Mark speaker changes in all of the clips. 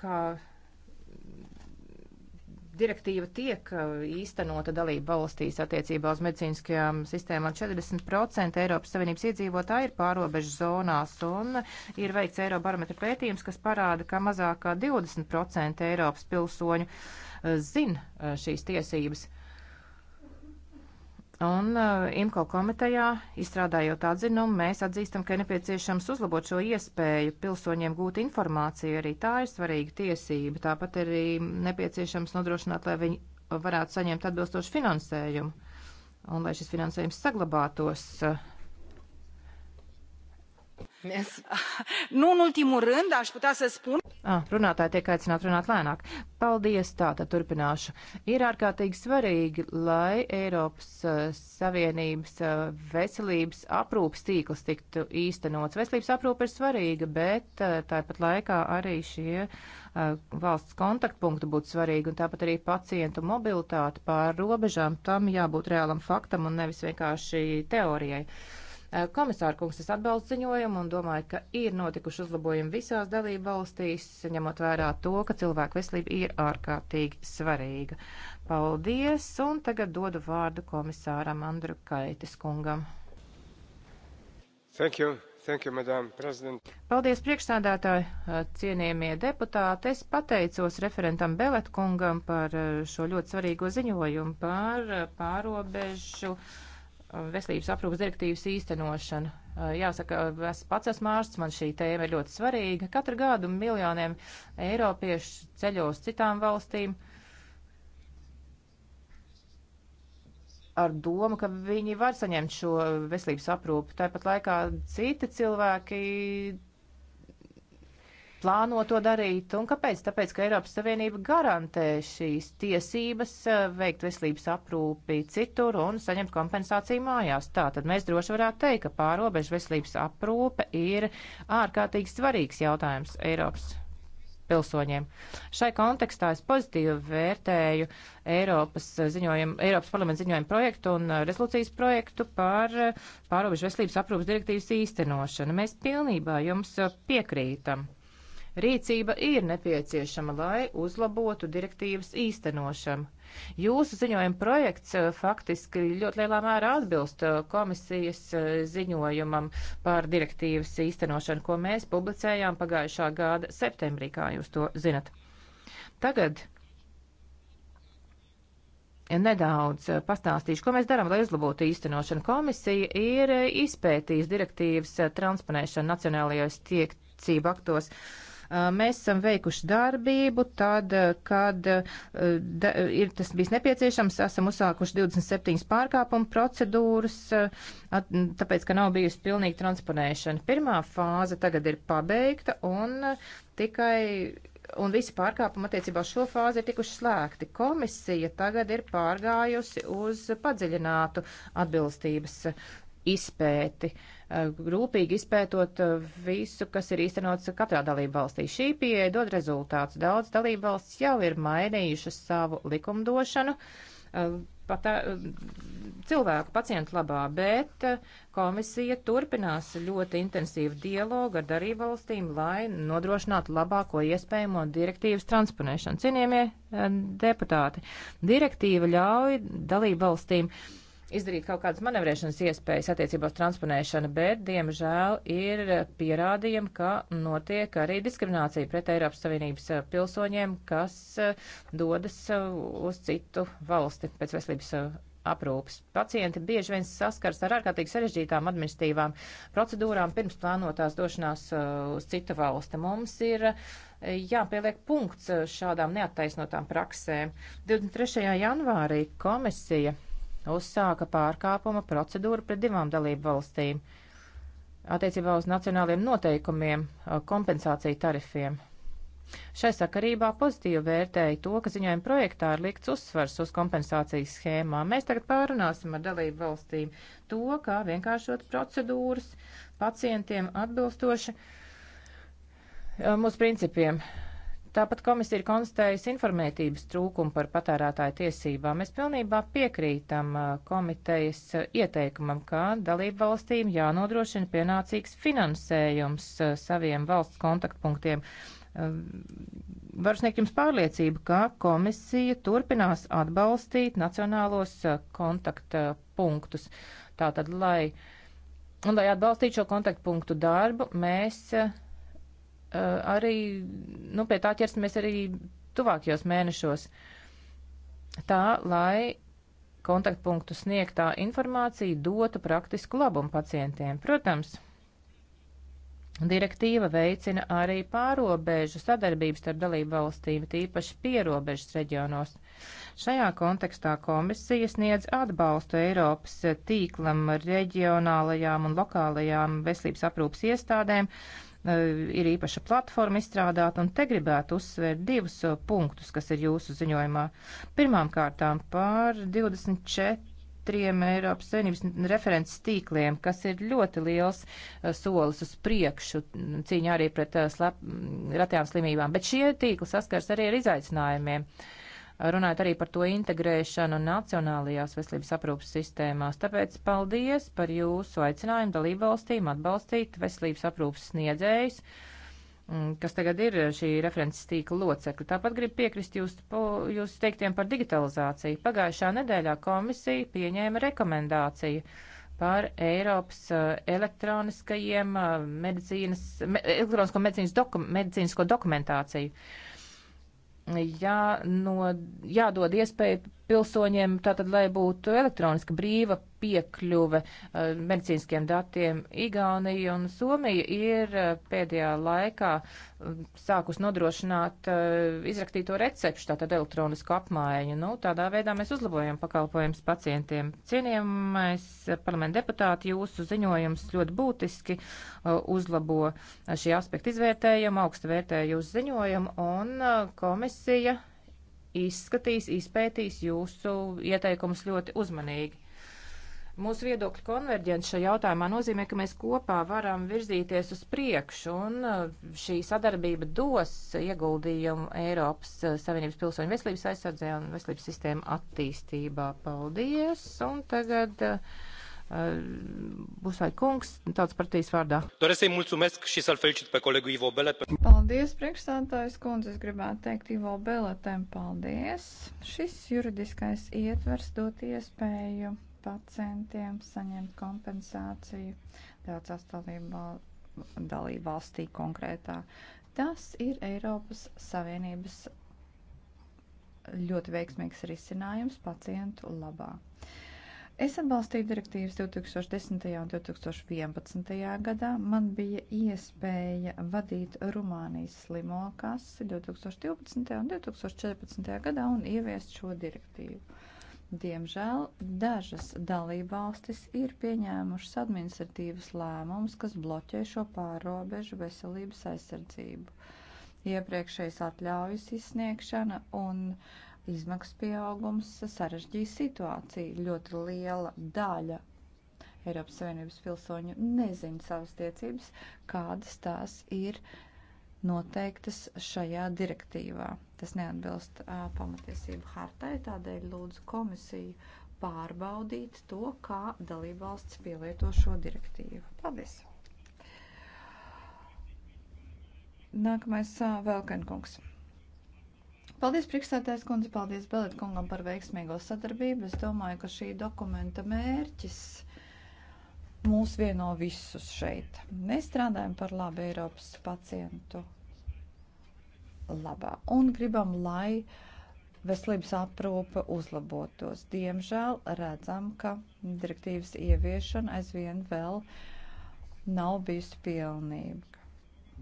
Speaker 1: ka direktīva tiek uh, īstenota dalība valstīs attiecībā uz medicīniskajām sistēmām. 40% Eiropas Savienības iedzīvotāji ir pārobežu zonās un ir veikts Eirobarometra pētījums, kas parāda, ka mazākā 20% Eiropas pilsoņu uh, zina uh, šīs tiesības. Un uh, IMCO komitejā, izstrādājot atzinumu, mēs atzīstam, ka ir nepieciešams uzlabot šo iespēju pilsoņiem gūt informāciju. Arī tā ir svarīga tiesība. Tāpat arī nepieciešams nodrošināt, lai viņi varētu saņemt atbilstošu finansējumu un lai šis finansējums saglabātos uh,
Speaker 2: Mēs.
Speaker 1: Nu, un ultimul
Speaker 2: rând, aș putea
Speaker 1: să spun. Ah, runātāji tiek aicināti runāt lēnāk. Paldies, tātad turpināšu. Ir ārkārtīgi svarīgi, lai Eiropas uh, Savienības uh, veselības aprūpas tīkls tiktu īstenots. Veselības aprūpa ir svarīga, bet uh, tāpat laikā arī šie valsts kontaktpunkti būtu svarīgi, un tāpat arī pacientu mobilitāte pār robežām tam jābūt reālam faktam un nevis vienkārši teorijai. Uh, Eh, komisāra kungs, es atbalstu ziņojumu un domāju, ka ir notikuši uzlabojumi visās dalību valstīs, ņemot vērā to, ka cilvēku veselība ir ārkārtīgi svarīga. Paldies, un tagad dodu vārdu komisāram Andru Kaitis kungam.
Speaker 3: Thank you. Thank you, Madam President. Paldies,
Speaker 1: priekšsādātāji, eh, cienījamie deputāti. Es pateicos referentam Beletkungam par eh, šo ļoti svarīgo ziņojumu par pārobežu uh, Uh, veselības aprūpas direktīvas īstenošanu. Uh, jāsaka, es pats esmu ārsts, man šī tēma ir ļoti svarīga. Katru gadu miljoniem eiropiešu ceļos citām valstīm ar domu, ka viņi var saņemt šo veselības aprūpu. Tāpat laikā citi cilvēki plāno to darīt. Un kāpēc? Tāpēc, ka Eiropas Savienība garantē šīs tiesības eh, veikt veselības aprūpi citur un saņemt kompensāciju mājās. Tā tad mēs droši varētu teikt, ka pārobežu veselības aprūpe ir ārkārtīgi svarīgs jautājums Eiropas pilsoņiem. Šai kontekstā es pozitīvi vērtēju Eiropas, ziņojumu, Eiropas parlamenta ziņojumu projektu un eh, rezolūcijas projektu par eh, pārobežu veselības aprūpas direktīvas īstenošanu. Mēs pilnībā jums piekrītam. Rīcība ir nepieciešama, lai uzlabotu direktīvas īstenošanu. Jūsu ziņojuma projekts eh, faktiski ļoti lielā mērā atbilst eh, komisijas eh, ziņojumam par direktīvas īstenošanu, ko mēs publicējām pagājušā gada septembrī, kā jūs to zinat. Tagad nedaudz pastāstīšu, ko mēs darām, lai uzlabotu īstenošanu. Komisija ir izpētījusi direktīvas transponēšanu nacionālajos tiekcību aktos. Uh, Eh, mēs esam veikuši darbību tad, eh, kad eh, da, ir tas bijis nepieciešams, esam uzsākuši 27 pārkāpumu procedūras, at, tāpēc, ka nav bijusi pilnīga transponēšana. Pirmā fāze tagad ir pabeigta un tikai un visi pārkāpumi attiecībā uz šo fāzi ir tikuši slēgti. Komisija tagad ir pārgājusi uz padziļinātu atbilstības izpēti. Uh, Eh, rūpīgi izpētot eh, visu, kas ir īstenots katrā dalību valstī. Šī pieeja dod rezultāts. Daudz dalību valsts jau ir mainījušas savu likumdošanu eh, patā, cilvēku pacientu labā, bet komisija turpinās ļoti intensīvu dialogu ar darību valstīm, lai nodrošinātu labāko iespējamo direktīvas transponēšanu. Cienījamie deputāti, direktīva ļauj dalību valstīm uh, izdarīt kaut kādas manevrēšanas iespējas attiecībā uz transponēšanu, bet, diemžēl, ir pierādījumi, ka notiek arī diskriminācija pret Eiropas Savienības eh, pilsoņiem, kas eh, dodas eh, uz citu valsti pēc veselības aprūpes. Pacienti bieži vien saskars ar ārkārtīgi sarežģītām administratīvām procedūrām pirms plānotās došanās uz citu valsti. Mums ir jāpieliek punkts šādām neattaisnotām praksēm. 23. janvārī komisija uzsāka pārkāpuma procedūru pret divām dalību valstīm attiecībā uz nacionāliem noteikumiem uh, kompensāciju tarifiem. Šai sakarībā pozitīvi vērtēja to, ka ziņojuma projektā ir likts uzsvars uz kompensācijas schēmām. Mēs tagad pārunāsim ar dalību valstīm to, kā vienkāršot procedūras pacientiem atbilstoši uh, mūsu principiem. Tāpat komisija ir konstatējusi informētības trūkumu par patērētāju tiesībām. Mēs pilnībā piekrītam uh, komitejas uh, ieteikumam, ka dalību valstīm jānodrošina pienācīgs finansējums uh, saviem valsts kontaktpunktiem. Um, varu sniegt jums pārliecību, ka komisija turpinās atbalstīt nacionālos kontaktpunktus. Tātad, lai, un, lai atbalstītu šo kontaktpunktu darbu, mēs Eh, arī, nu, pie tā ķersimies arī tuvākajos mēnešos. Tā, lai kontaktpunktu sniegtā informācija dotu praktisku labumu pacientiem. Protams, direktīva veicina arī pārobežu sadarbības starp dalību valstīm, tīpaši pierobežas reģionos. Šajā kontekstā komisija sniedz atbalstu Eiropas tīklam reģionālajām un lokālajām veselības aprūpas iestādēm, uh, Eh, ir īpaša platforma izstrādāta, un te gribētu uzsvērt divus eh, punktus, kas ir jūsu ziņojumā. Pirmām kārtām par 24 četriem Eiropas Savienības referents tīkliem, kas ir ļoti liels uh, solis uz priekšu mm, cīņā arī pret uh, slep, mm, ratām slimībām. Bet šie tīkli saskars arī ar izaicinājumiem. Uh, runājot arī par to integrēšanu nacionālajās veselības aprūpas sistēmās. Tāpēc paldies par jūsu aicinājumu dalībvalstīm atbalstīt veselības aprūpas sniedzējus, mm, kas tagad ir šī references tīkla locekļi. Tāpat gribu piekrist jūs, jūs teiktiem par digitalizāciju. Pagājušā nedēļā komisija pieņēma rekomendāciju par Eiropas uh, elektroniskajiem uh, medicīnas, elektronisko medicīnas doku, medicīnisko dokumentāciju. Uh, jāno, jādod iespēja pilsoņiem, tātad, lai būtu elektroniska brīva piekļuve eh, medicīniskiem datiem. Igaunija un Somija ir eh, pēdējā laikā eh, sākus nodrošināt izrakstīto recepšu, tātad elektronisku apmaiņu. Nu, tādā veidā mēs uzlabojam pakalpojumus pacientiem. Cienījamais parlamenta deputāti, jūsu ziņojums ļoti būtiski uzlabo šī aspekta izvērtējumu, augstu vērtēju jūsu ziņojumu un komisija izskatīs, izpētīs jūsu ieteikumus ļoti uzmanīgi. Mūsu viedokļu konverģence šajā jautājumā nozīmē, ka mēs kopā varam virzīties uz priekšu, un uh, šī sadarbība dos ieguldījumu Eiropas uh, Savienības pilsoņu veselības aizsardzē un veselības sistēmu attīstībā. Paldies! Un tagad uh, uh būs vai kungs tāds partijas vārdā. Paldies, priekšstādātājs kundze, es gribētu
Speaker 4: teikt Ivo Beletem paldies. Šis juridiskais ietvers dot iespēju pacientiem saņemt kompensāciju daudzās dalību valstī konkrētā. Tas ir Eiropas Savienības ļoti veiksmīgs risinājums pacientu labā. Es atbalstīju direktīvas 2010. un 2011. gadā. Man bija iespēja vadīt Rumānijas slimo kasi 2012. un 2014. gadā un ieviest šo direktīvu. Diemžēl dažas dalībvalstis ir pieņēmušas administratīvas lēmumus, kas bloķē šo pārobežu veselības aizsardzību. Iepriekšējas atļaujas izsniegšana un izmaksu pieaugums sarežģīja situāciju. Ļoti liela daļa Eiropas Savienības pilsoņu nezina savas tiecības, kādas tās ir uh, noteiktas šajā direktīvā. Tas neatbilst uh, pamatiesību hartai, tādēļ lūdzu komisiju pārbaudīt to, kā dalībvalsts pielieto šo direktīvu. Paldies! Nākamais uh, Velkenkungs. Paldies, priekšstādājs kundze, paldies Belet kungam par veiksmīgo sadarbību. Es domāju, ka šī dokumenta mērķis mūs vieno visus šeit. Mēs strādājam par labu Eiropas pacientu labā un gribam, lai veselības aprūpe uzlabotos. Diemžēl redzam, ka direktīvas ieviešana aizvien vēl nav bijusi pilnīga.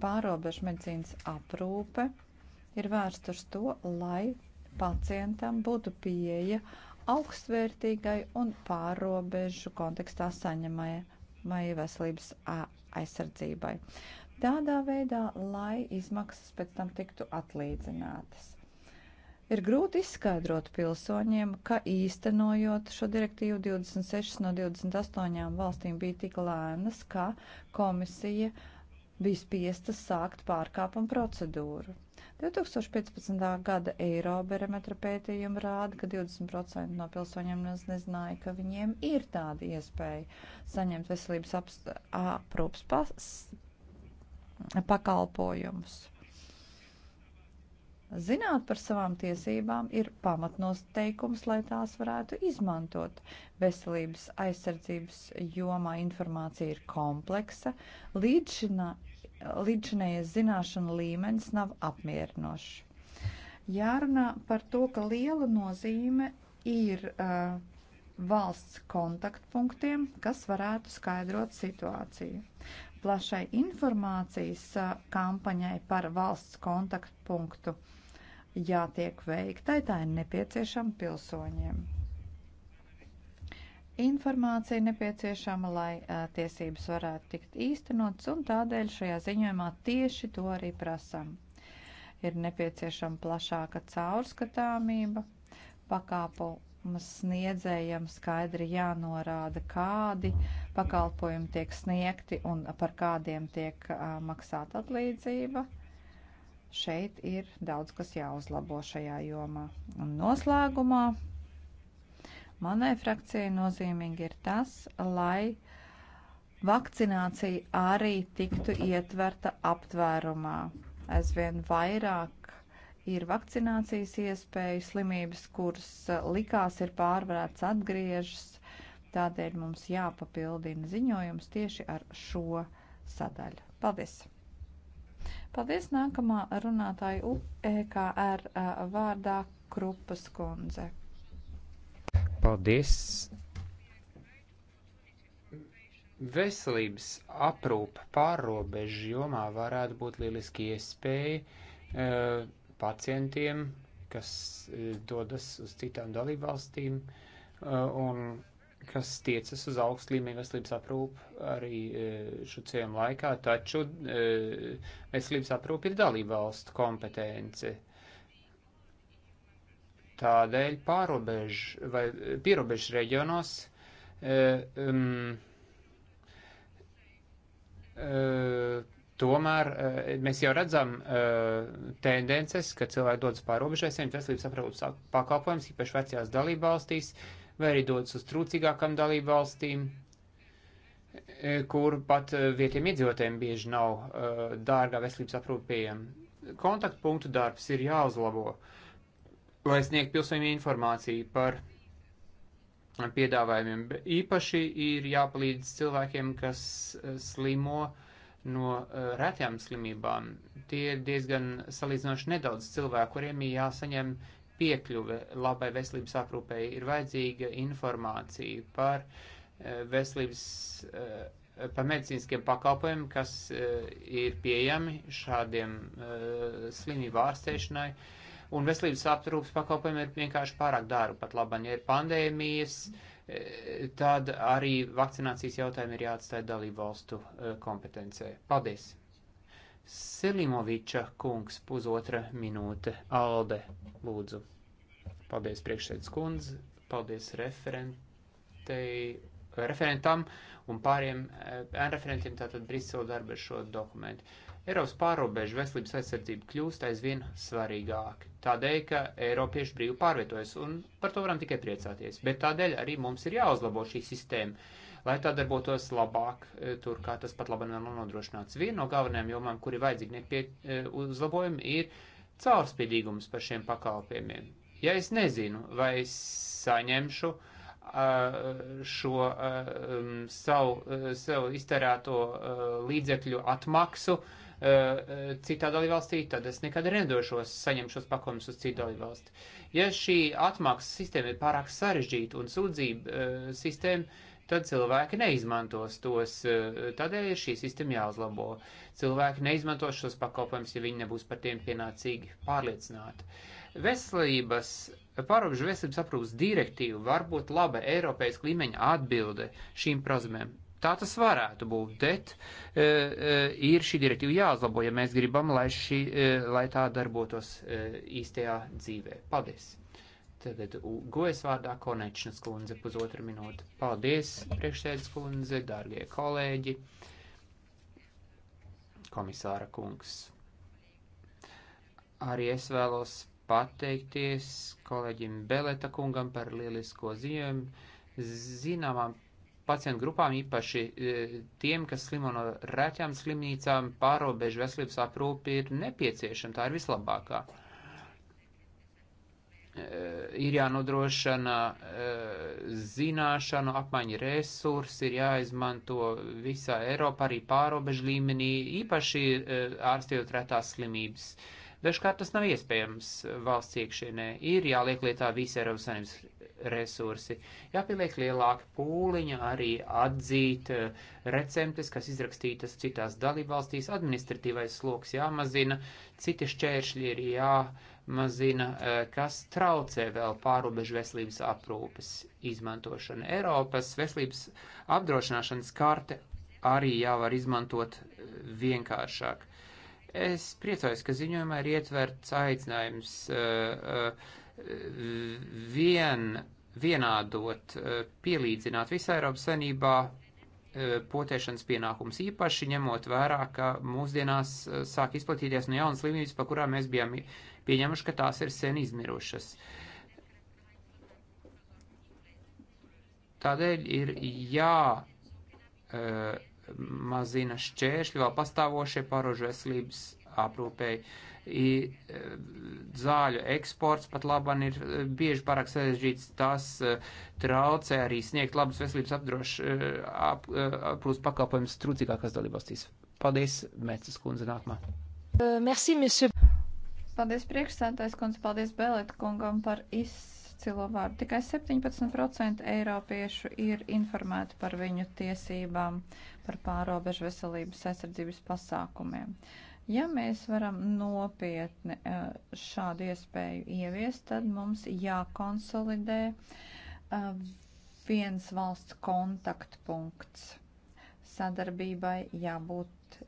Speaker 4: Pārobežu medicīnas aprūpe ir vērsta uz to, lai pacientam būtu pieeja uh, augstvērtīgai un pārobežu kontekstā saņemai veselības aizsardzībai. Tādā veidā, lai izmaksas pēc tam tiktu atlīdzinātas. Ir grūti izskaidrot pilsoņiem, ka īstenojot šo direktīvu 26 no 28 valstīm bija tik lēnas, ka komisija bija spiesta sākt pārkāpumu procedūru. 2015. gada Eirobarometra pētījuma rāda, ka 20% no pilsoņiem nezināja, ka viņiem ir tāda iespēja saņemt veselības aprūpas pas, pakalpojumus. Zināt par savām tiesībām ir pamatnoteikums, lai tās varētu izmantot. Veselības aizsardzības jomā informācija ir kompleksa, līdzšinā līdzinējies zināšanu līmenis nav apmierinošs. Jārunā par to, ka liela nozīme ir uh, valsts kontaktpunktiem, kas varētu skaidrot situāciju. Plašai informācijas uh, kampaņai par valsts kontaktpunktu jātiek veiktai, tā ir nepieciešama pilsoņiem informācija nepieciešama, lai uh, tiesības varētu tikt īstenotas, un tādēļ šajā ziņojumā tieši to arī prasam. Ir nepieciešama plašāka caurskatāmība, pakāpuma sniedzējiem skaidri jānorāda, kādi pakalpojumi tiek sniegti un par kādiem tiek uh, maksāta atlīdzība. Šeit ir daudz, kas jāuzlabo šajā jomā. Un noslēgumā Manai frakcijai nozīmīgi ir tas, lai vakcinācija arī tiktu ietverta aptvērumā. Aizvien vairāk ir vakcinācijas iespēju, slimības, kuras eh, likās ir pārvarētas, atgriežas. Tādēļ mums jāpapildina ziņojums tieši ar šo sadaļu. Paldies! Paldies nākamā runātāja UEKR eh, vārdā Krupas kundze.
Speaker 3: Paldies! Veselības aprūpe pārrobežu jomā varētu būt lieliski iespēja e, pacientiem, kas e, dodas uz citām dalībvalstīm e, un kas tiecas uz augstu līmeņu veselības aprūpu arī šo cienu laikā, taču veselības aprūpe ir dalībvalstu kompetence Tādēļ pārobežu vai pierobežu reģionos e, um, e, tomēr e, mēs jau redzam tendences, ka cilvēki dodas pārobežēs, viņiem veselības aprūpas pakalpojums, īpaši vecajās dalībvalstīs, vai arī dodas uz trūcīgākām dalībvalstīm, kur pat vietiem iedzīvotājiem bieži nav dārgā veselības aprūpējama. Kontaktpunktu darbs ir jāuzlabo. Uh, lai sniegtu pilsoņiem informāciju par piedāvājumiem. Īpaši ir jāpalīdz cilvēkiem, kas eh, slimo no eh, retām slimībām. Tie ir diezgan salīdzinoši nedaudz cilvēku, kuriem ir jāsaņem piekļuve labai veselības aprūpēji. Ir vajadzīga informācija par eh, veselības, par medicīniskiem pakalpojumiem, kas ir pieejami šādiem slimību ārstēšanai. Uh, un veselības aprūpas pakalpojumi ir vienkārši pārāk dārgi pat labam. Ja ir pandēmijas, e, tad arī vakcinācijas jautājumi ir jāatstāja dalību valstu e, kompetencē. Paldies! Selimoviča kungs, pusotra minūte, Alde, lūdzu. Paldies priekšsēdus kundze, paldies referentei, referentam un pāriem e, referentiem, tātad Brisele darba ar šo dokumentu. Uh, Eiropas pārobežu veselības aizsardzība kļūst aizvien svarīgāk, tādēļ, ka Eiropieši brīvi pārvietojas, un par to varam tikai priecāties. Bet tādēļ arī mums ir jāuzlabo šī sistēma, lai tā darbotos labāk, e, tur kā tas pat labi nav nodrošināts. Viena no galvenajām jomām, kuri vajadzīgi nepie e, uzlabojumi, ir caurspīdīgums par šiem pakalpojumiem. Ja es nezinu, vai es saņemšu šo savu, e, savu izterēto līdzekļu atmaksu, Eh, citā dalībvalstī, tad es nekad rendošos saņemt šos pakojumus uz citu dalībvalsti. Ja šī atmaksas sistēma ir pārāk sarežģīta un sūdzība eh, sistēma, tad cilvēki neizmantos tos. Eh, tādēļ ir šī sistēma jāuzlabo. Cilvēki neizmantos šos pakalpojumus, ja viņi nebūs par tiem pienācīgi pārliecināti. Veselības, pārobežu veselības aprūpas direktīva var būt laba Eiropas līmeņa atbilde šīm prasmēm. Tā tas varētu būt, bet e, e, ir šī direktīva jāuzlabo, ja mēs gribam, lai, šī, e, lai tā darbotos e, īstajā dzīvē. Paldies! Tagad gojas vārdā Konečnas kundze pusotra minūte. Paldies, priekšsēdus kundze, dārgie kolēģi, komisāra kungs. Arī es vēlos pateikties kolēģim Beleta kungam par lielisko ziņojumu zināmām pacientu grupām, īpaši e, tiem, kas slimo no rēķām slimnīcām, pārobežu veselības aprūpi ir nepieciešama, tā ir vislabākā. E, ir jānodrošina e, zināšanu, apmaiņa resursi, ir jāizmanto visā Eiropā, arī pārobežu līmenī, īpaši ārstējot retās slimības. Dažkārt tas nav iespējams valsts iekšienē. Ir jāliek lietā visi Eiropas Savienības resursi. Jāpieliek lielāka pūliņa arī atzīt eh, receptes, kas izrakstītas citās dalībvalstīs, administratīvais sloks jāmazina, citi šķēršļi ir jāmazina, eh, kas traucē vēl pārobežu veselības aprūpes izmantošanu. Eiropas veselības apdrošināšanas karte arī jāvar izmantot eh, vienkāršāk. Es priecājos, ka ziņojumā ir ietverts aicinājums uh, uh, vien, vienādot, eh, pielīdzināt visā Eiropas saimnībā eh, potēšanas pienākums īpaši ņemot vērā, ka mūsdienās eh, sāk izplatīties no jaunas slimības, pa kurām mēs bijām pieņemuši, ka tās ir sen izmirušas. Tādēļ ir jā mazina šķēršļi vēl pastāvošie parožu veselības aprūpēji. E, zāļu eksports pat labam ir e, bieži pārāk sarežģīts. Tas e, traucē arī sniegt labus veselības aprūpas pakalpojumus trūcīgākās dalībvalstīs. Paldies, Mēcis kundze, nākamā.
Speaker 4: Merci, monsieur. Paldies, priekšsēdētājs kundze, paldies Bēlēt kungam par izcilo vārdu. Tikai 17% eiropiešu ir informēti par viņu tiesībām, par pārobežu veselības aizsardzības pasākumiem. Uh, Ja mēs varam nopietni e, šādu iespēju ieviest, tad mums jākonsolidē e, viens valsts kontaktpunkts. Sadarbībai jābūt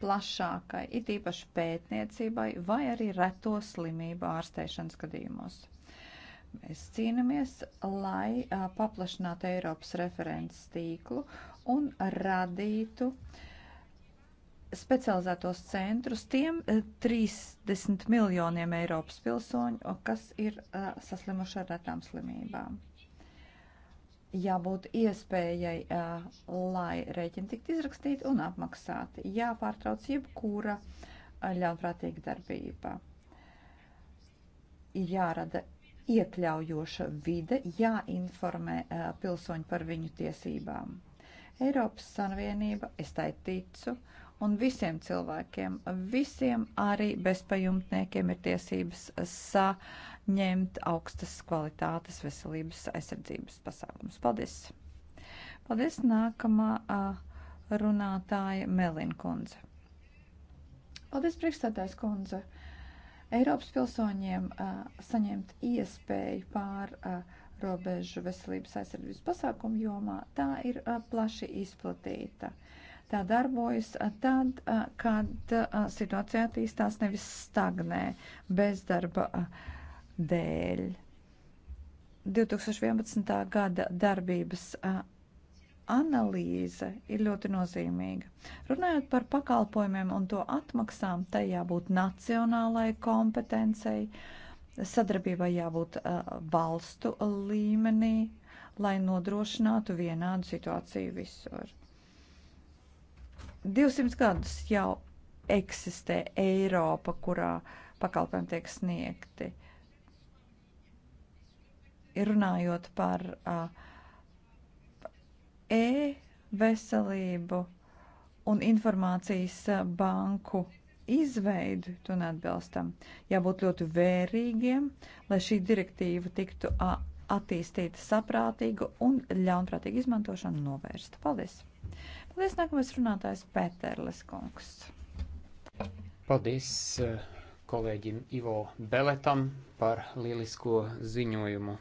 Speaker 4: plašākai, it īpaši pētniecībai vai arī reto slimību ārstēšanas gadījumos. Mēs cīnāmies, lai e, paplašinātu Eiropas referents tīklu un radītu uh, specializētos centrus tiem 30 e, miljoniem Eiropas pilsoņu, kas ir e, saslimuši ar retām slimībām. Jābūt iespējai, e, lai rēķini tiktu izrakstīti un apmaksāti. Jāpārtrauc jebkura ļaunprātīga darbība. Ir jārada iekļaujoša vide, jāinformē pilsoņi par viņu tiesībām. Eiropas Savienība, es tai ticu, uh, un visiem cilvēkiem, visiem arī bezpajumtniekiem ir tiesības saņemt augstas kvalitātes veselības aizsardzības pasākums. Paldies! Paldies! Nākamā runātāja Melina kundze. Paldies, priekšstādājs kundze! Eiropas pilsoņiem saņemt iespēju pār robežu veselības aizsardzības pasākumu jomā, tā ir plaši izplatīta. Tā darbojas tad, kad situācija attīstās nevis stagnē bezdarba dēļ. 2011. gada darbības analīze ir ļoti nozīmīga. Runājot par pakalpojumiem un to atmaksām, tai jābūt nacionālai kompetencei, sadarbībai jābūt valstu līmenī, lai nodrošinātu vienādu situāciju visur. 200 gadus jau eksistē Eiropa, kurā pakalpojumi tiek sniegti. Runājot par uh, e-veselību un informācijas uh, banku izveidi un atbilstam. Jābūt ļoti vērīgiem, lai šī direktīva tiktu uh, attīstīta saprātīgu un ļaunprātīgu izmantošanu novērstu. Paldies! Paldies, nākamais runātājs Pēterles
Speaker 3: kungs. Paldies eh, kolēģim Ivo Beletam par lielisko ziņojumu.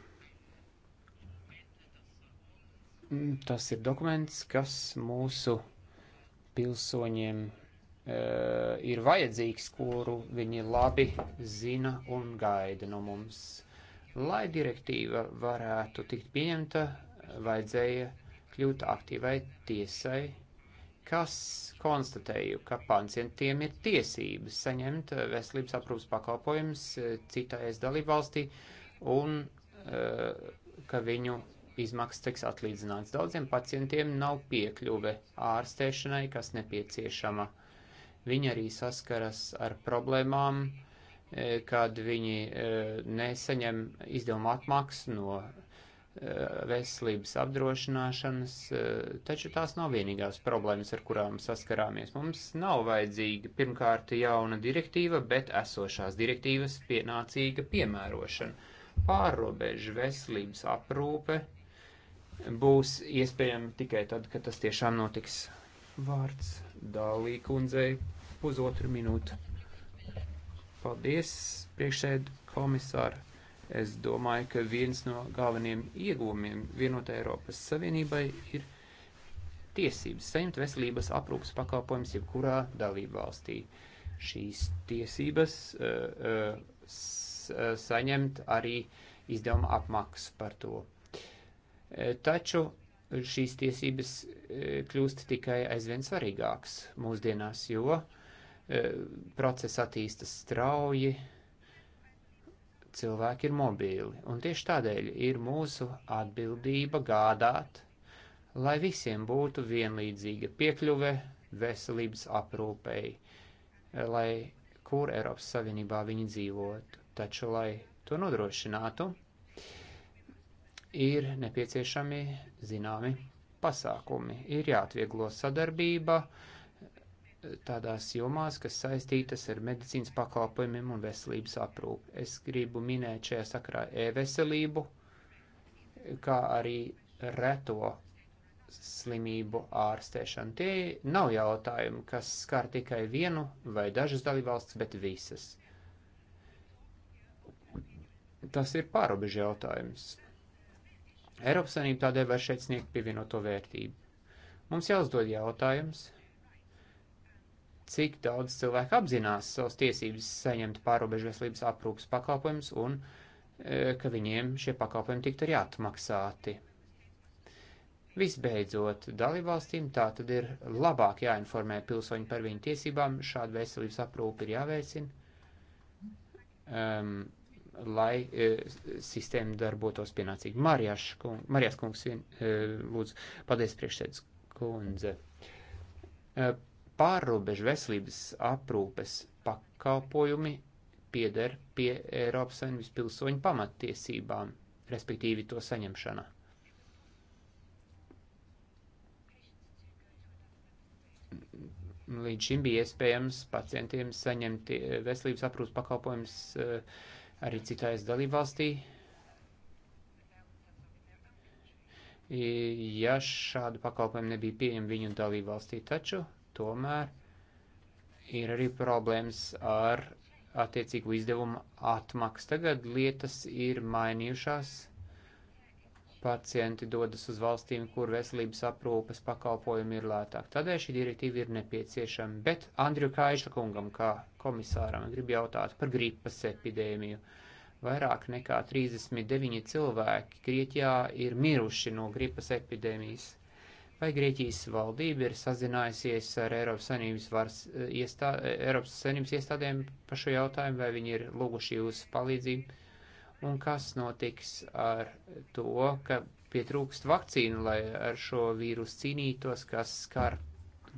Speaker 3: Mm, tas ir dokuments, kas mūsu pilsoņiem e, ir vajadzīgs, kuru viņi labi zina un gaida no mums. Lai direktīva varētu tikt pieņemta, vajadzēja kļūt aktīvai tiesai kas konstatēju, ka pacientiem ir tiesības saņemt eh, veselības aprūpas pakalpojumus eh, citājas dalībvalstī un eh, ka viņu izmaksas tiks atlīdzināts. Daudziem pacientiem nav piekļuve ārstēšanai, kas nepieciešama. Viņi arī saskaras ar problēmām, kad viņi nesaņem izdevuma atmaksu no Eh, veselības apdrošināšanas, eh, taču tās nav vienīgās problēmas, ar kurām saskarāmies. Mums nav vajadzīga pirmkārt jauna direktīva, bet esošās direktīvas pienācīga piemērošana. Pārrobežu veselības aprūpe būs iespējama tikai tad, kad tas tiešām notiks. Vārds Dālī kundzei pusotru minūtu. Paldies, priekšēd komisāra Es domāju, ka viens no galvenajiem iegūmiem vienotā Eiropas Savienībai ir tiesības saņemt veselības aprūpas pakalpojums jebkurā dalību valstī. Šīs tiesības uh, uh, uh, saņemt arī izdevuma apmaksu par to. Uh, taču šīs tiesības uh, kļūst tikai aizvien svarīgākas mūsdienās, jo process attīstas strauji, cilvēki ir mobīli, un tieši tādēļ ir mūsu atbildība gādāt, lai visiem būtu vienlīdzīga piekļuve veselības aprūpei, lai kur Eiropas Savienībā viņi dzīvotu. Taču, lai to nodrošinātu, ir nepieciešami zināmi pasākumi, ir jāatvieglo sadarbība, uh, tādās jomās, kas saistītas ar medicīnas pakalpojumiem un veselības aprūpi. Es gribu minēt šajā sakarā e-veselību, kā arī reto slimību ārstēšanu. Tie nav jautājumi, kas skar tikai vienu vai dažas dalībvalstis, bet visas. Tas ir pārobežu jautājums. Eiropas Savienība tādēļ var šeit sniegt pievienoto vērtību. Mums jāuzdod jautājums, cik daudz cilvēku apzinās savas tiesības saņemt pārobežu veselības aprūpas pakalpojumus un e, ka viņiem šie pakalpojumi tiktu arī atmaksāti. Visbeidzot, dalībvalstīm tā tad ir labāk jāinformē pilsoņi par viņu tiesībām, šāda veselības aprūpa ir jāveicina, um, lai uh, sistēma darbotos pienācīgi. Marijas kung, kungs, vien, uh, lūdzu, paldies priekšsēdus kundze. Uh, pārrobežu veselības aprūpes pakalpojumi pieder pie Eiropas Savienības pilsoņu pamattiesībām, respektīvi to saņemšanā. Līdz šim bija iespējams pacientiem saņemt veselības aprūpas pakalpojumus eh, arī citājas dalībvalstī. Ja šādu pakalpojumu nebija pieejami viņu dalībvalstī, taču Tomēr ir arī problēmas ar attiecīgu izdevumu atmaksu. Tagad lietas ir mainījušās. Pacienti dodas uz valstīm, kur veselības aprūpes pakalpojumi ir lētāk. Tādēļ šī direktīva ir nepieciešama. Bet Andriju Kaiša kungam, kā komisāram, grib jautāt par gripas epidēmiju. Vairāk nekā 39 cilvēki Grieķijā ir miruši no gripas epidēmijas. Vai Grieķijas valdība ir sazinājusies ar Eiropas Savienības, vars, e, iestā, e, Eiropas Savienības iestādēm par šo jautājumu, vai viņi ir lūguši jūsu palīdzību? Un kas notiks ar to, ka pietrūkst vakcīnu, lai ar šo vīrusu cīnītos, kas skar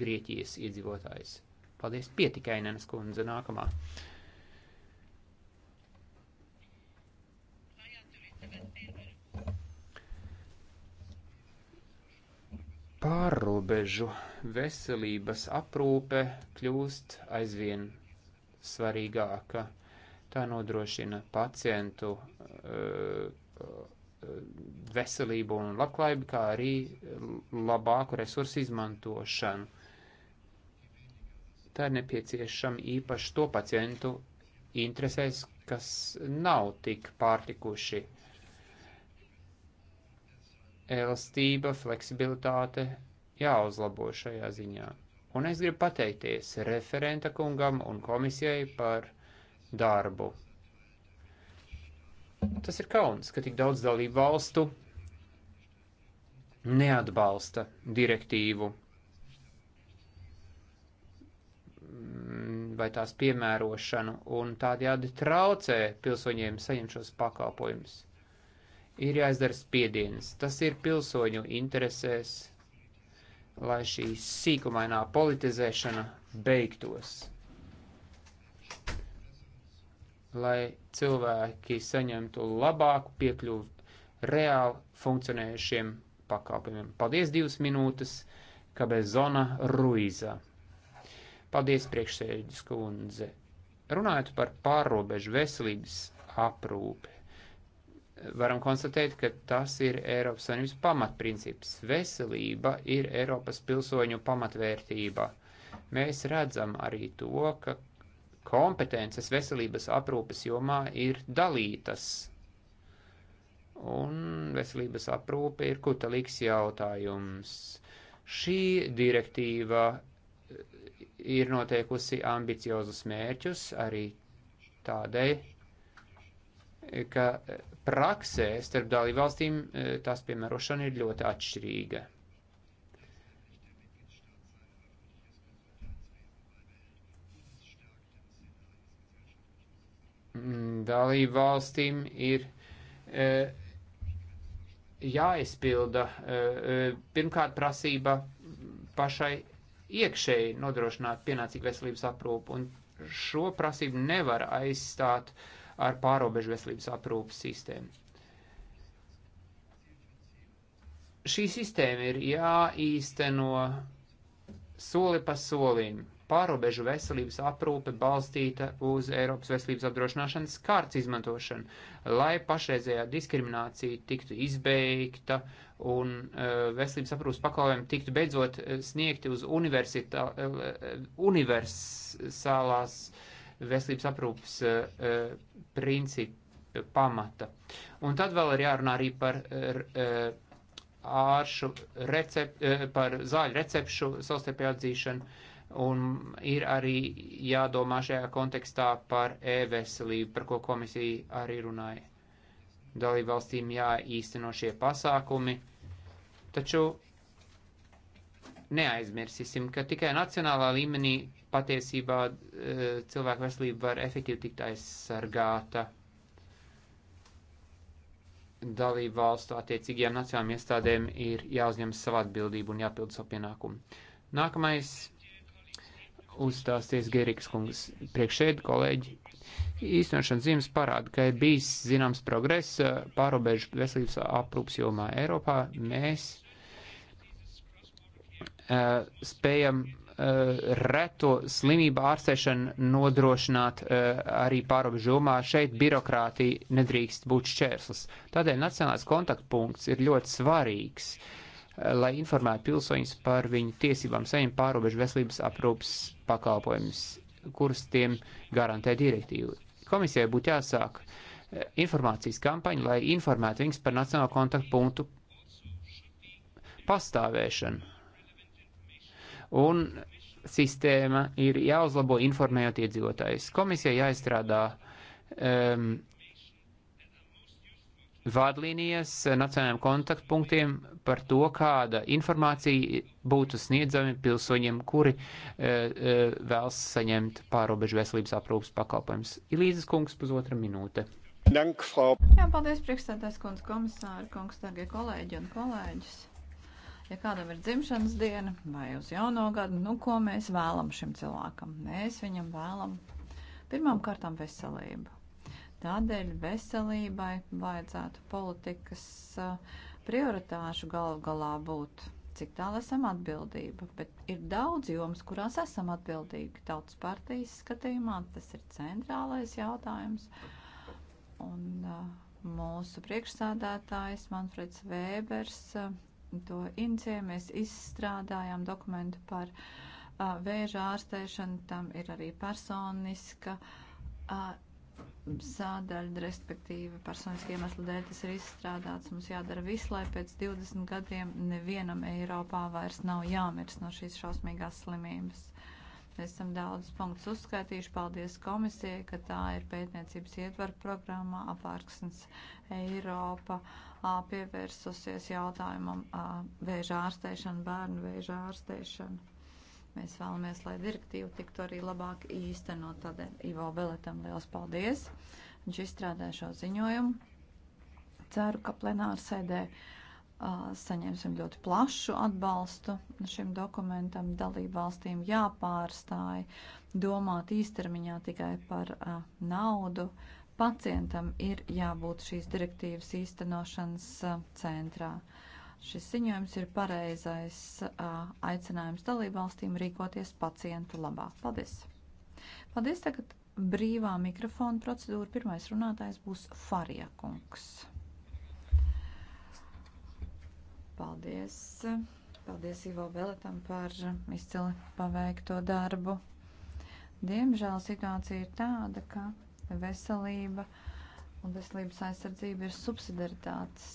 Speaker 3: Grieķijas iedzīvotājus? Paldies, pietikainēnas kundze nākamā. Uh, pārrobežu veselības aprūpe kļūst aizvien svarīgāka. Tā nodrošina pacientu eh, eh, veselību un labklājību, kā arī labāku resursu izmantošanu. Tā ir nepieciešama īpaši to pacientu interesēs, kas nav tik pārtikuši uh, elastība, fleksibilitāte jāuzlabo šajā ziņā. Un es gribu pateikties referenta kungam un komisijai par darbu. Tas ir kauns, ka tik daudz dalību valstu neatbalsta direktīvu mm, vai tās piemērošanu un tādējādi traucē pilsoņiem saņemt šos pakalpojumus ir jāizdara spiediens. Tas ir pilsoņu interesēs, lai šī sīkumainā politizēšana beigtos. Lai cilvēki saņemtu labāku piekļuvu reāli funkcionējušiem pakalpojumiem. Paldies divas minūtes, ka bez zona Ruiza. Paldies priekšsēdis kundze. Runājot par pārrobežu veselības aprūpi varam konstatēt, ka tas ir Eiropas Savienības pamatprincips. Veselība ir Eiropas pilsoņu pamatvērtība. Mēs redzam arī to, ka kompetences veselības aprūpes jomā ir dalītas. Un veselības aprūpe ir kutelīgs jautājums. Šī direktīva ir noteikusi ambiciozus mērķus arī tādēļ, ka e, praksē starp dalībvalstīm e, tās piemērošana ir ļoti atšķirīga. Mm, Dalību valstīm ir e, jāizpilda e, e, pirmkārt prasība pašai iekšēji nodrošināt pienācīgu veselības aprūpu, un šo prasību nevar aizstāt e, ar pārobežu veselības aprūpas sistēmu. Šī sistēma ir jāīsteno soli pa solim. Pārobežu veselības aprūpe balstīta uz Eiropas veselības apdrošināšanas kārtas izmantošanu, lai pašreizējā diskriminācija tiktu izbeigta un uh, veselības aprūpas pakalpojumi tiktu beidzot e, sniegti uz uh, universālās uh, veselības aprūpas eh, eh, principu pamata. Un tad vēl ir jārunā arī par eh, āršu recept, par zāļu recepšu savstarpēju atzīšanu, un ir arī jādomā šajā kontekstā par e-veselību, par ko komisija arī runāja. Dalībvalstīm jāīsteno šie pasākumi, taču neaizmirsīsim, ka tikai nacionālā līmenī patiesībā e, cilvēku veselība var efektīvi tikt aizsargāta dalību valstu attiecīgajām nacionālām iestādēm ir jāuzņem savu atbildību un jāpild savu pienākumu. Nākamais uzstāsties Geriks kungs priekšēdi kolēģi. Īstenošanas zīmes parāda, ka ir bijis zināms progress e, pārobežu veselības aprūpas jomā Eiropā. Mēs Eh, spējam eh, reto slimību ārstēšanu nodrošināt eh, arī pārobežumā. Šeit birokrātija nedrīkst būt šķērslis. Tādēļ nacionālais kontaktpunkts ir ļoti svarīgs, lai informētu pilsoņus par viņu tiesībām saņemt pārobežu veselības aprūpas pakalpojumus, kurus tiem garantē direktīva. Komisijai būtu jāsāk informācijas kampaņa, lai informētu viņus par nacionālo kontaktpunktu pastāvēšanu un sistēma ir jāuzlabo informējot iedzīvotājs. Komisija jāizstrādā um, vadlīnijas nacionālajiem kontaktpunktiem par to, kāda informācija būtu sniedzami pilsoņiem, kuri uh, uh, vēlas saņemt pārobežu veselības aprūpas pakalpojumus. Ilīzes kungs, pusotra minūte. Dank,
Speaker 4: Jā, paldies, priekšstādājs kundze, komisāri, kungs, dārgie kolēģi un kolēģis. Ja kādam ir dzimšanas diena vai uz jauno gadu, nu ko mēs vēlam šim cilvēkam? Mēs viņam vēlam pirmām kārtām veselību. Tādēļ veselībai vajadzētu politikas prioritāšu galu galā būt. Cik tālu esam atbildība, bet ir daudz jomas, kurās esam atbildīgi. Tautas partijas skatījumā tas ir centrālais jautājums. Un uh, mūsu priekšsādātājs Manfreds Vēbers uh, to inicijē, mēs izstrādājām dokumentu par uh, vēža ārstēšanu, tam ir arī personiska uh, sādaļa, respektīvi personiskie iemesli dēļ tas ir izstrādāts. Mums jādara viss, lai pēc 20 gadiem nevienam Eiropā vairs nav jāmirst no šīs šausmīgās slimības. Mēs esam daudz punktus uzskaitījuši. Paldies komisijai, ka tā ir pētniecības ietvaru programmā apārksnes Eiropa pievērsusies jautājumam vēža ārstēšana, bērnu vēža ārstēšana. Mēs vēlamies, lai direktīva tiktu arī labāk īstenot. Tādēļ Ivo Beletam liels paldies. Viņš izstrādāja šo ziņojumu. Ceru, ka plenārsēdē. sēdē saņemsim ļoti plašu atbalstu šim dokumentam. Dalību valstīm jāpārstāj domāt īstermiņā tikai par uh, naudu. Pacientam ir jābūt šīs direktīvas īstenošanas uh, centrā. Šis ziņojums ir pareizais uh, aicinājums dalību valstīm rīkoties pacientu labā. Paldies! Paldies! Tagad brīvā mikrofona procedūra. Pirmais runātājs būs Farija kungs. Paldies! Paldies Ivo Beletam par izcili paveikto darbu. Diemžēl situācija ir tāda, ka veselība un veselības aizsardzība ir subsidaritātes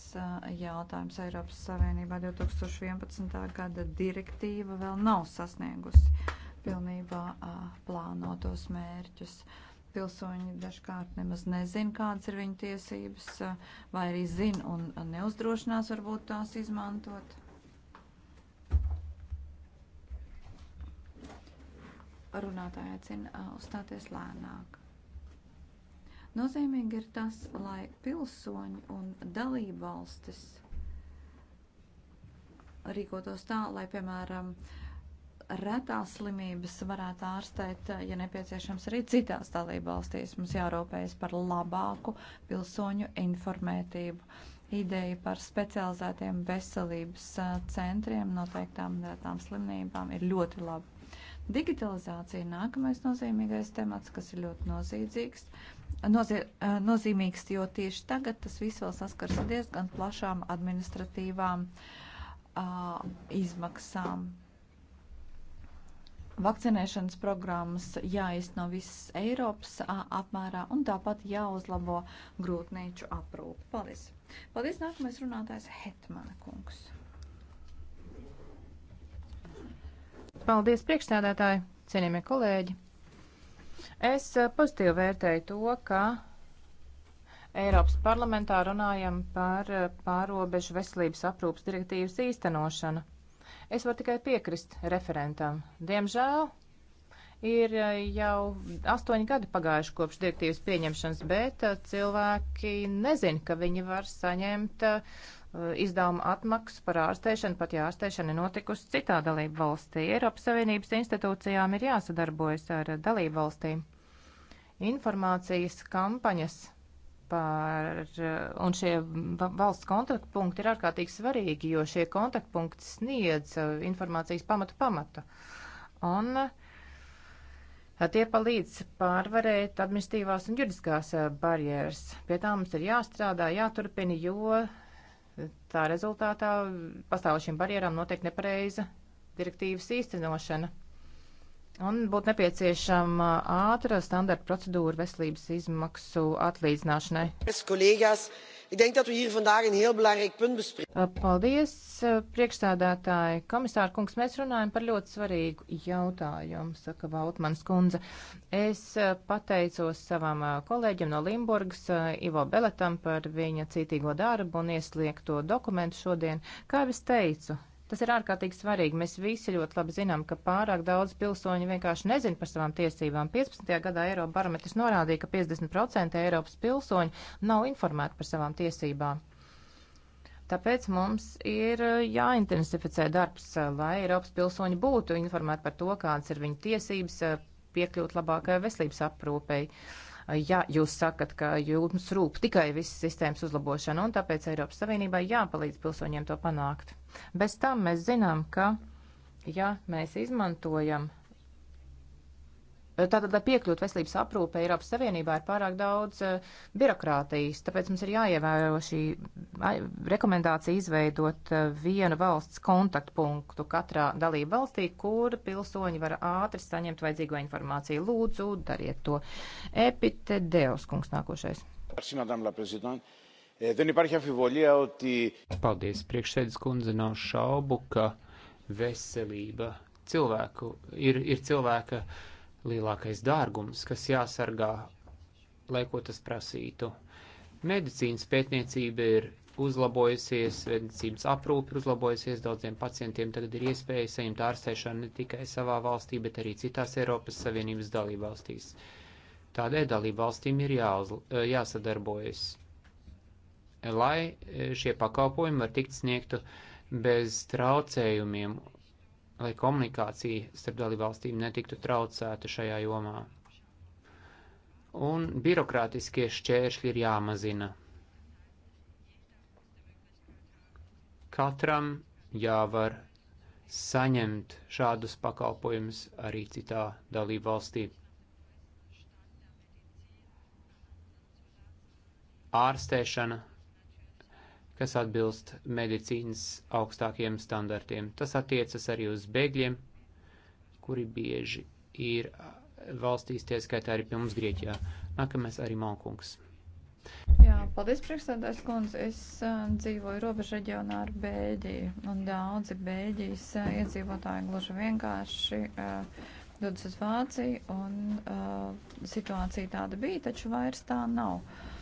Speaker 4: jautājums Eiropas Savienībā. 2011. gada direktīva vēl nav sasniegusi pilnībā plānotos mērķus. Uh, pilsoņi dažkārt nemaz nezina, kādas ir viņu tiesības, vai arī zina un neuzdrošinās varbūt tās izmantot. Runātāji aicina uzstāties lēnāk. Nozīmīgi ir tas, lai pilsoņi un dalībvalstis rīkotos tā, lai, piemēram, uh, retās slimības varētu ārstēt, eh, ja nepieciešams, arī citās dalībvalstīs. Mums jārūpējas par labāku pilsoņu informētību. Ideja par specializētiem veselības eh, centriem noteiktām retām slimībām ir ļoti laba. Digitalizācija ir nākamais nozīmīgais temats, kas ir ļoti nozīdzīgs. Nozī, eh, nozīmīgs, jo tieši tagad tas viss vēl saskars diezgan plašām administratīvām uh, izmaksām Vakcinēšanas programmas jāizno visas Eiropas apmērā un tāpat jāuzlabo grūtnieču aprūpi. Paldies! Paldies! Nākamais runātājs Hetmana kungs.
Speaker 1: Paldies, priekšstādātāji, cienījamie kolēģi! Es pozitīvi vērtēju to, ka Eiropas parlamentā runājam par pārobežu veselības aprūpas direktīvas īstenošanu. Es varu tikai piekrist referentam. Diemžēl ir eh, jau astoņi gadi pagājuši kopš direktīvas pieņemšanas, bet eh, cilvēki nezin, ka viņi var saņemt eh, izdevuma atmaksu par ārstēšanu, pat ja ārstēšana ir notikusi citā dalību valstī. Eiropas Savienības institūcijām ir jāsadarbojas ar dalību valstīm. Informācijas kampaņas par, un šie valsts kontaktpunkti ir ārkārtīgi svarīgi, jo šie kontaktpunkti sniedz uh, informācijas pamatu pamatu. Un uh, tie palīdz pārvarēt administratīvās un juridiskās uh, barjeras. Pie tā mums ir jāstrādā, jāturpina, jo tā rezultātā pastāvošiem barjerām notiek nepareiza direktīvas īstenošana. Un būtu nepieciešama ātra standarta procedūra veselības izmaksu atlīdzināšanai. Eh, paldies, eh, priekšstādātāji. Komisāra kungs, mēs runājam par ļoti svarīgu jautājumu, saka Vautmans kundze. Es eh, pateicos savam kolēģim no Limburgas, Ivo Beletam, par viņa cītīgo darbu un iesliegto dokumentu šodien. Kā es teicu, Tas ir ārkārtīgi svarīgi. Mēs visi ļoti labi zinām, ka pārāk daudz pilsoņu vienkārši nezin par savām tiesībām. 15. gadā Eiropa barometrs norādīja, ka 50% Eiropas pilsoņu nav informēti par savām tiesībām. Tāpēc mums ir uh, jāintensificē darbs, uh, lai Eiropas pilsoņi būtu informēti par to, kādas ir viņu tiesības uh, piekļūt labākai veselības aprūpei. Uh, ja jūs sakat, ka jums rūp tikai visas sistēmas uzlabošana, un tāpēc Eiropas Savienībai jāpalīdz pilsoņiem to panākt. Bez tam mēs zinām, ka, ja mēs izmantojam Tātad, lai piekļūtu veselības aprūpē Eiropas Savienībā, ir pārāk daudz uh, birokrātijas, tāpēc mums ir jāievēro šī rekomendācija izveidot uh, vienu valsts kontaktpunktu katrā dalība valstī, kur pilsoņi var ātri saņemt vajadzīgo informāciju. Lūdzu, dariet to. Epite Deos kungs nākošais.
Speaker 3: Eh, Paldies, priekšsēdus kundze, nav šaubu, ka veselība cilvēku ir, ir cilvēka lielākais dārgums, kas jāsargā, lai ko tas prasītu. Medicīnas pētniecība ir uzlabojusies, medicīnas aprūpe ir uzlabojusies, daudziem pacientiem tagad ir iespēja saņemt ārstēšanu ne tikai savā valstī, bet arī citās Eiropas Savienības dalībvalstīs. Tādēļ dalībvalstīm ir jāuz, jāsadarbojas, lai šie pakalpojumi var tikt sniegtu bez traucējumiem lai komunikācija starp dalībvalstīm netiktu traucēta šajā jomā. Un birokrātiskie šķēršļi ir jāmazina. Katram jāvar saņemt šādus pakalpojumus arī citā dalībvalstī. Ārstēšana kas atbilst medicīnas augstākiem standartiem. Tas attiecas arī uz bēgļiem, kuri bieži ir valstīs, tieskaitā arī pie mums Grieķijā. Nākamais arī Malkungs.
Speaker 4: Jā, paldies, priekšstādājs kundze. Es uh, dzīvoju robežu reģionā ar Bēļģiju, un daudzi Bēļģijas uh, iedzīvotāji gluži vienkārši uh, dodas uz Vāciju, un uh, situācija tāda bija, taču vairs tā nav. Uh,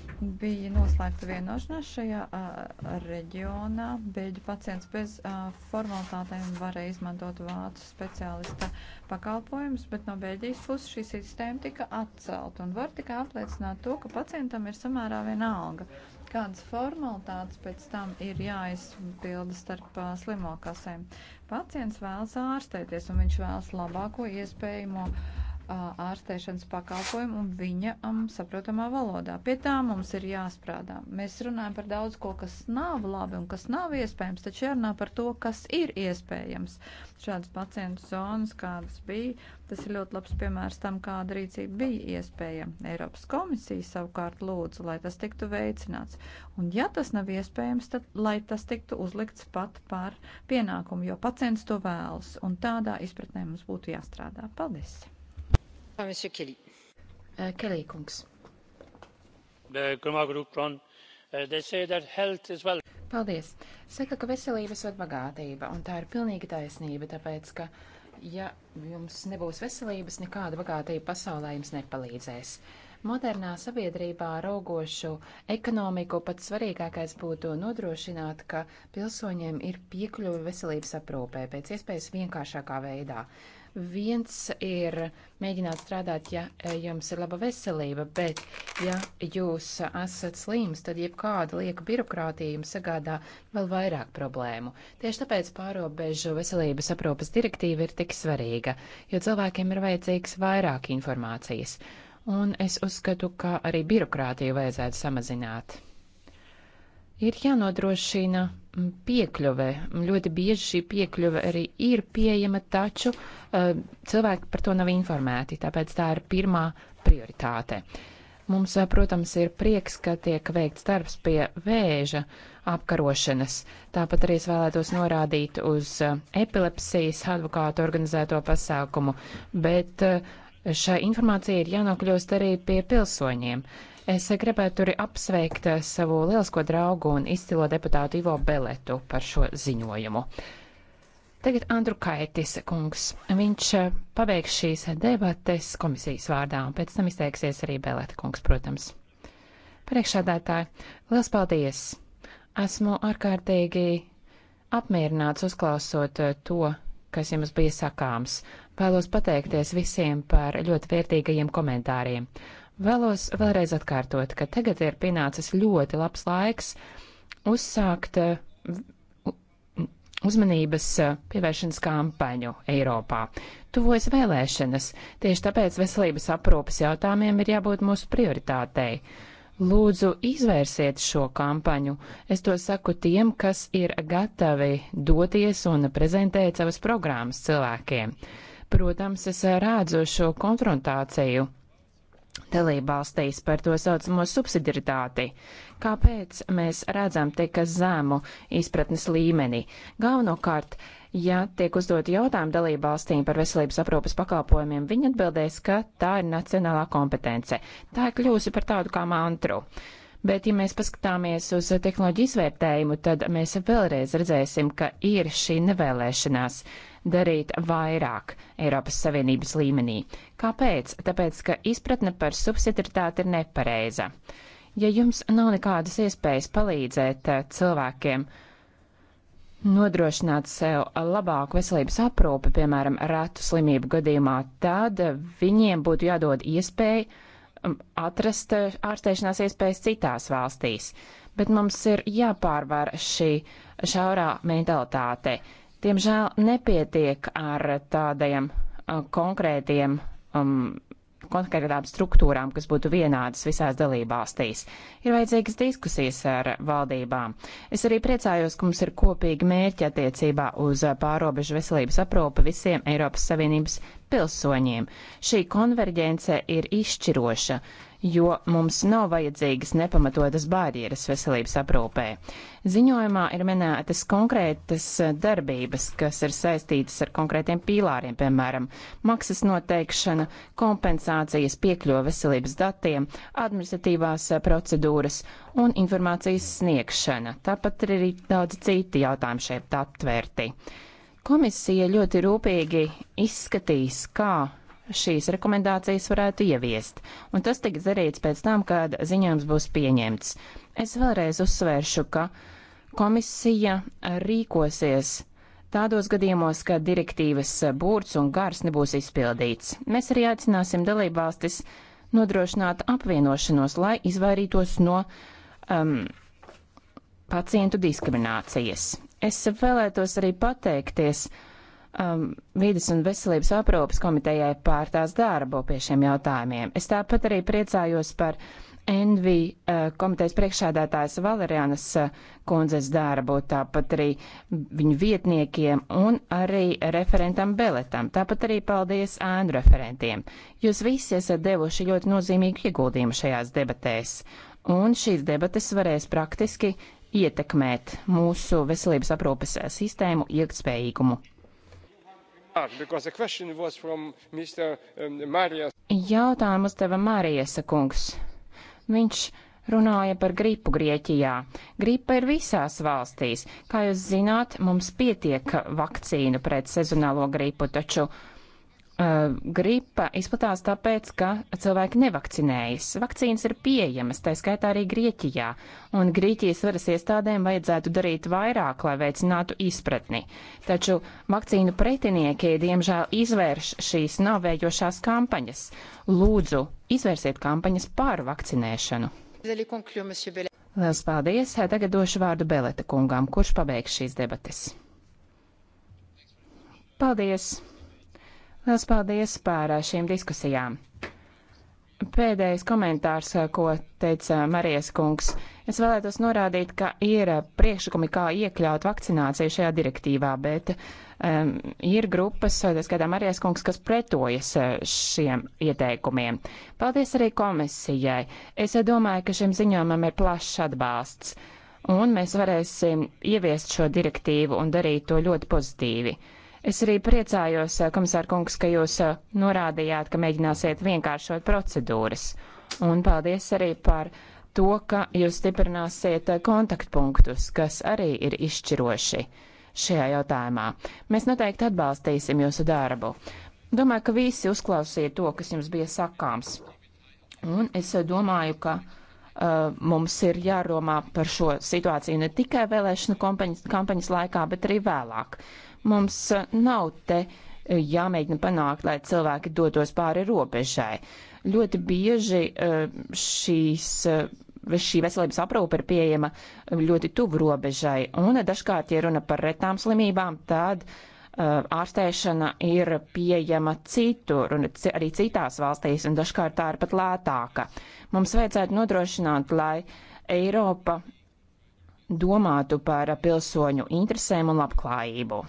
Speaker 4: bija noslēgta vienošanās šajā uh, reģionā. Beļģu pacients bez uh, formalitātēm varēja izmantot vācu speciālista pakalpojumus, bet no Beļģijas puses šī sistēma tika atcelta un var tikai apliecināt to, ka pacientam ir samērā viena alga. Kādas formalitātes pēc tam ir jāizpilda starp uh, slimokasēm? Pacients vēlas ārstēties un viņš vēlas labāko iespējamo. Uh, ārstēšanas pakalpojumu un viņam saprotamā valodā. Pie tā mums ir jāsprādā. Mēs runājam par daudz ko, kas nav labi un kas nav iespējams, taču jārunā par to, kas ir iespējams. Šādas pacientu zonas, kādas bija, tas ir ļoti labs piemērs tam, kāda rīcība bija iespējama. Eiropas komisija savukārt lūdzu, lai tas tiktu veicināts. Un ja tas nav iespējams, tad lai tas tiktu uzlikts pat par pienākumu, jo pacients to vēlas. Un tādā izpratnē mums būtu jāstrādā. Paldies!
Speaker 5: Euh, Kelly kungs. Eh, Paldies. Saka, ka veselība ir bagātība, un tā ir pilnīga taisnība, tāpēc, ka, ja jums nebūs veselības, nekāda bagātība pasaulē jums nepalīdzēs. Modernā sabiedrībā raugošu ekonomiku pats svarīgākais būtu nodrošināt, ka pilsoņiem ir piekļuve veselības aprūpē pēc iespējas vienkāršākā veidā. Viens ir mēģināt strādāt, ja e, jums ir laba veselība, bet ja jūs esat slims, tad jebkāda lieka birokrātija jums sagādā vēl vairāk problēmu. Tieši tāpēc pārobežu veselības aprūpas direktīva ir tik svarīga, jo cilvēkiem ir vajadzīgs vairāk informācijas. Un es uzskatu, ka arī birokrātiju vajadzētu samazināt. Ir jānodrošina piekļuve. Ļoti bieži šī piekļuve arī ir pieejama, taču uh, cilvēki par to nav informēti, tāpēc tā ir pirmā prioritāte. Mums, eh, protams, ir prieks, ka tiek veikts darbs pie vēža apkarošanas. Tāpat arī es vēlētos norādīt uz eh, epilepsijas advokātu organizēto pasākumu, bet šai informācijai ir jānokļūst arī pie pilsoņiem. Uh, Es gribētu arī apsveikt eh, savu lielisko draugu un izcilo deputātu Ivo Beletu par šo ziņojumu. Tagad Andru Kaitis kungs. Viņš eh, pabeigs šīs debates komisijas vārdā, un pēc tam izteiksies arī Beleta kungs, protams. Priekšādātāji, liels paldies! Esmu ārkārtīgi apmierināts uzklausot eh, to, kas jums bija sakāms. Vēlos pateikties visiem par ļoti vērtīgajiem komentāriem. Vēlos vēlreiz atkārtot, ka tagad ir pienācis ļoti labs laiks uzsākt eh, uzmanības eh, pievēršanas kampaņu Eiropā. Tuvojas vēlēšanas, tieši tāpēc veselības aprūpas jautājumiem ir jābūt mūsu prioritātei. Lūdzu, izvērsiet šo kampaņu. Es to saku tiem, kas ir gatavi doties un prezentēt savas programmas cilvēkiem. Protams, es rādzu šo konfrontāciju dalībvalstīs par to saucamo subsidiaritāti. Kāpēc mēs redzam tik zemu izpratnes līmeni? Galvenokārt, ja tiek uzdot jautājumu dalībvalstīm par veselības aprūpas pakalpojumiem, viņi atbildēs, ka tā ir nacionālā kompetence. Tā ir kļūsi par tādu kā mantru. Bet, ja mēs paskatāmies uz tehnoloģiju izvērtējumu, tad mēs vēlreiz redzēsim, ka ir šī nevēlēšanās darīt vairāk Eiropas Savienības līmenī. Kāpēc? Tāpēc, ka izpratne par subsidiaritāti ir nepareiza. Ja jums nav nekādas iespējas palīdzēt eh, cilvēkiem, nodrošināt sev labāku veselības aprūpi, piemēram, rētu slimību gadījumā, tad viņiem būtu jādod iespēja um, atrast eh, ārstēšanās iespējas citās valstīs. Bet mums ir jāpārvar šī šaurā mentalitāte. Diemžēl nepietiek ar tādajiem konkrētiem, um, konkrētām struktūrām, kas būtu vienādas visās dalībvalstīs. Ir vajadzīgas diskusijas ar valdībām. Es arī priecājos, ka mums ir kopīgi mērķi attiecībā uz pārobežu veselības aprūpi visiem Eiropas Savienības pilsoņiem. Šī konverģence ir izšķiroša jo mums nav vajadzīgas nepamatotas barjeras veselības aprūpē. Ziņojumā ir minētas konkrētas darbības, kas ir saistītas ar konkrētiem pīlāriem, piemēram, maksas noteikšana, kompensācijas piekļuva veselības datiem, administratīvās procedūras un informācijas sniegšana. Tāpat ir arī daudz citi jautājumi šeit aptvērti. Komisija ļoti rūpīgi izskatīs, kā šīs rekomendācijas varētu ieviest, un tas tiks darīts pēc tam, kad ziņojums būs pieņemts. Es vēlreiz uzsvēršu, ka komisija rīkosies tādos gadījumos, ka direktīvas būrts un gars nebūs izpildīts. Mēs arī aicināsim dalībvalstis nodrošināt apvienošanos, lai izvairītos no um, pacientu diskriminācijas. Es vēlētos arī pateikties uh, um, vidas un veselības aprūpas komitejai pār tās darbu pie šiem jautājumiem. Es tāpat arī priecājos par NV uh, komitejas priekšādātājas Valerianas uh, kundzes darbu, tāpat arī viņu vietniekiem un arī referentam Beletam. Tāpat arī paldies ēnu referentiem. Jūs visi esat devuši ļoti nozīmīgu ieguldījumu šajās debatēs. Un šīs debates varēs praktiski ietekmēt mūsu veselības aprūpes uh, sistēmu
Speaker 3: ilgtspējīgumu. Ah, um,
Speaker 5: Jautājumu uzdeva Mārijas kungs. Viņš runāja par gripu Grieķijā. Gripa ir visās valstīs. Kā jūs zināt, mums pietiek vakcīnu pret sezonālo gripu, taču uh, Uh, gripa izplatās tāpēc, ka cilvēki nevakcinējas. Vakcīnas ir pieejamas, tā skaitā arī Grieķijā, un Grieķijas varas iestādēm vajadzētu darīt vairāk, lai veicinātu izpratni. Taču vakcīnu pretinieki, diemžēl, izvērš šīs novējošās kampaņas. Lūdzu, izvērsiet kampaņas pār vakcinēšanu.
Speaker 1: Lielas
Speaker 5: paldies! Tagad došu vārdu Beleta kungām, kurš pabeigs šīs debates. Paldies! Lielas paldies par šīm diskusijām. Pēdējais komentārs, ko teica Marijas kungs. Es vēlētos norādīt, ka ir priekšlikumi, kā iekļaut vakcināciju šajā direktīvā, bet um, ir grupas, tā skaitā Marijas kungs, kas pretojas šiem ieteikumiem. Paldies arī komisijai. Es domāju, ka šim ziņojumam ir plašs atbalsts, un mēs varēsim ieviest šo direktīvu un darīt to ļoti pozitīvi. Es arī priecājos, eh, komisār kungs, ka jūs eh, norādījāt, ka mēģināsiet vienkāršot procedūras. Un paldies arī par to, ka jūs stiprināsiet eh, kontaktpunktus, kas arī ir izšķiroši šajā jautājumā. Mēs noteikti atbalstīsim jūsu darbu. Domāju, ka visi uzklausīja to, kas jums bija sakāms. Un es domāju, ka Uh, mums ir jāromā par šo situāciju ne tikai vēlēšanu kampaņas, kampaņas laikā, bet arī vēlāk. Mums uh, nav te uh, jāmēģina panākt, lai cilvēki dotos pāri robežai. Ļoti bieži šīs, šī veselības aprūpe ir pieejama ļoti tuvu robežai, un dažkārt, ja runa par retām slimībām, tad uh, Eh, ārstēšana ir pieejama citur un arī citās valstīs, un dažkārt tā ir pat lētāka. Mums vajadzētu nodrošināt, lai Eiropa domātu par pilsoņu interesēm un labklājību.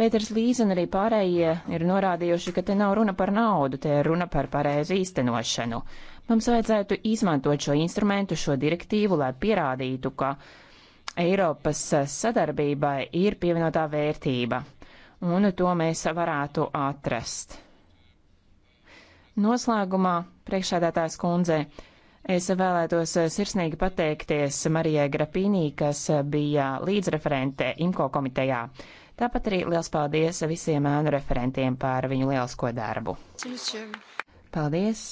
Speaker 5: Pēters Līs un arī pārējie ir norādījuši, ka te nav runa par naudu, te ir runa par pareizu īstenošanu. Mums vajadzētu izmantot šo instrumentu, šo direktīvu, lai pierādītu, ka uh, Eiropas sadarbībai ir pievienotā vērtība, un to mēs varētu atrast. Noslēgumā, priekšādātājs kundze, es vēlētos sirsnīgi pateikties Marijai Grapīnī, kas bija līdzreferente IMKO komitejā. Tāpat arī liels paldies visiem ēnu referentiem par viņu lielisko darbu. Paldies!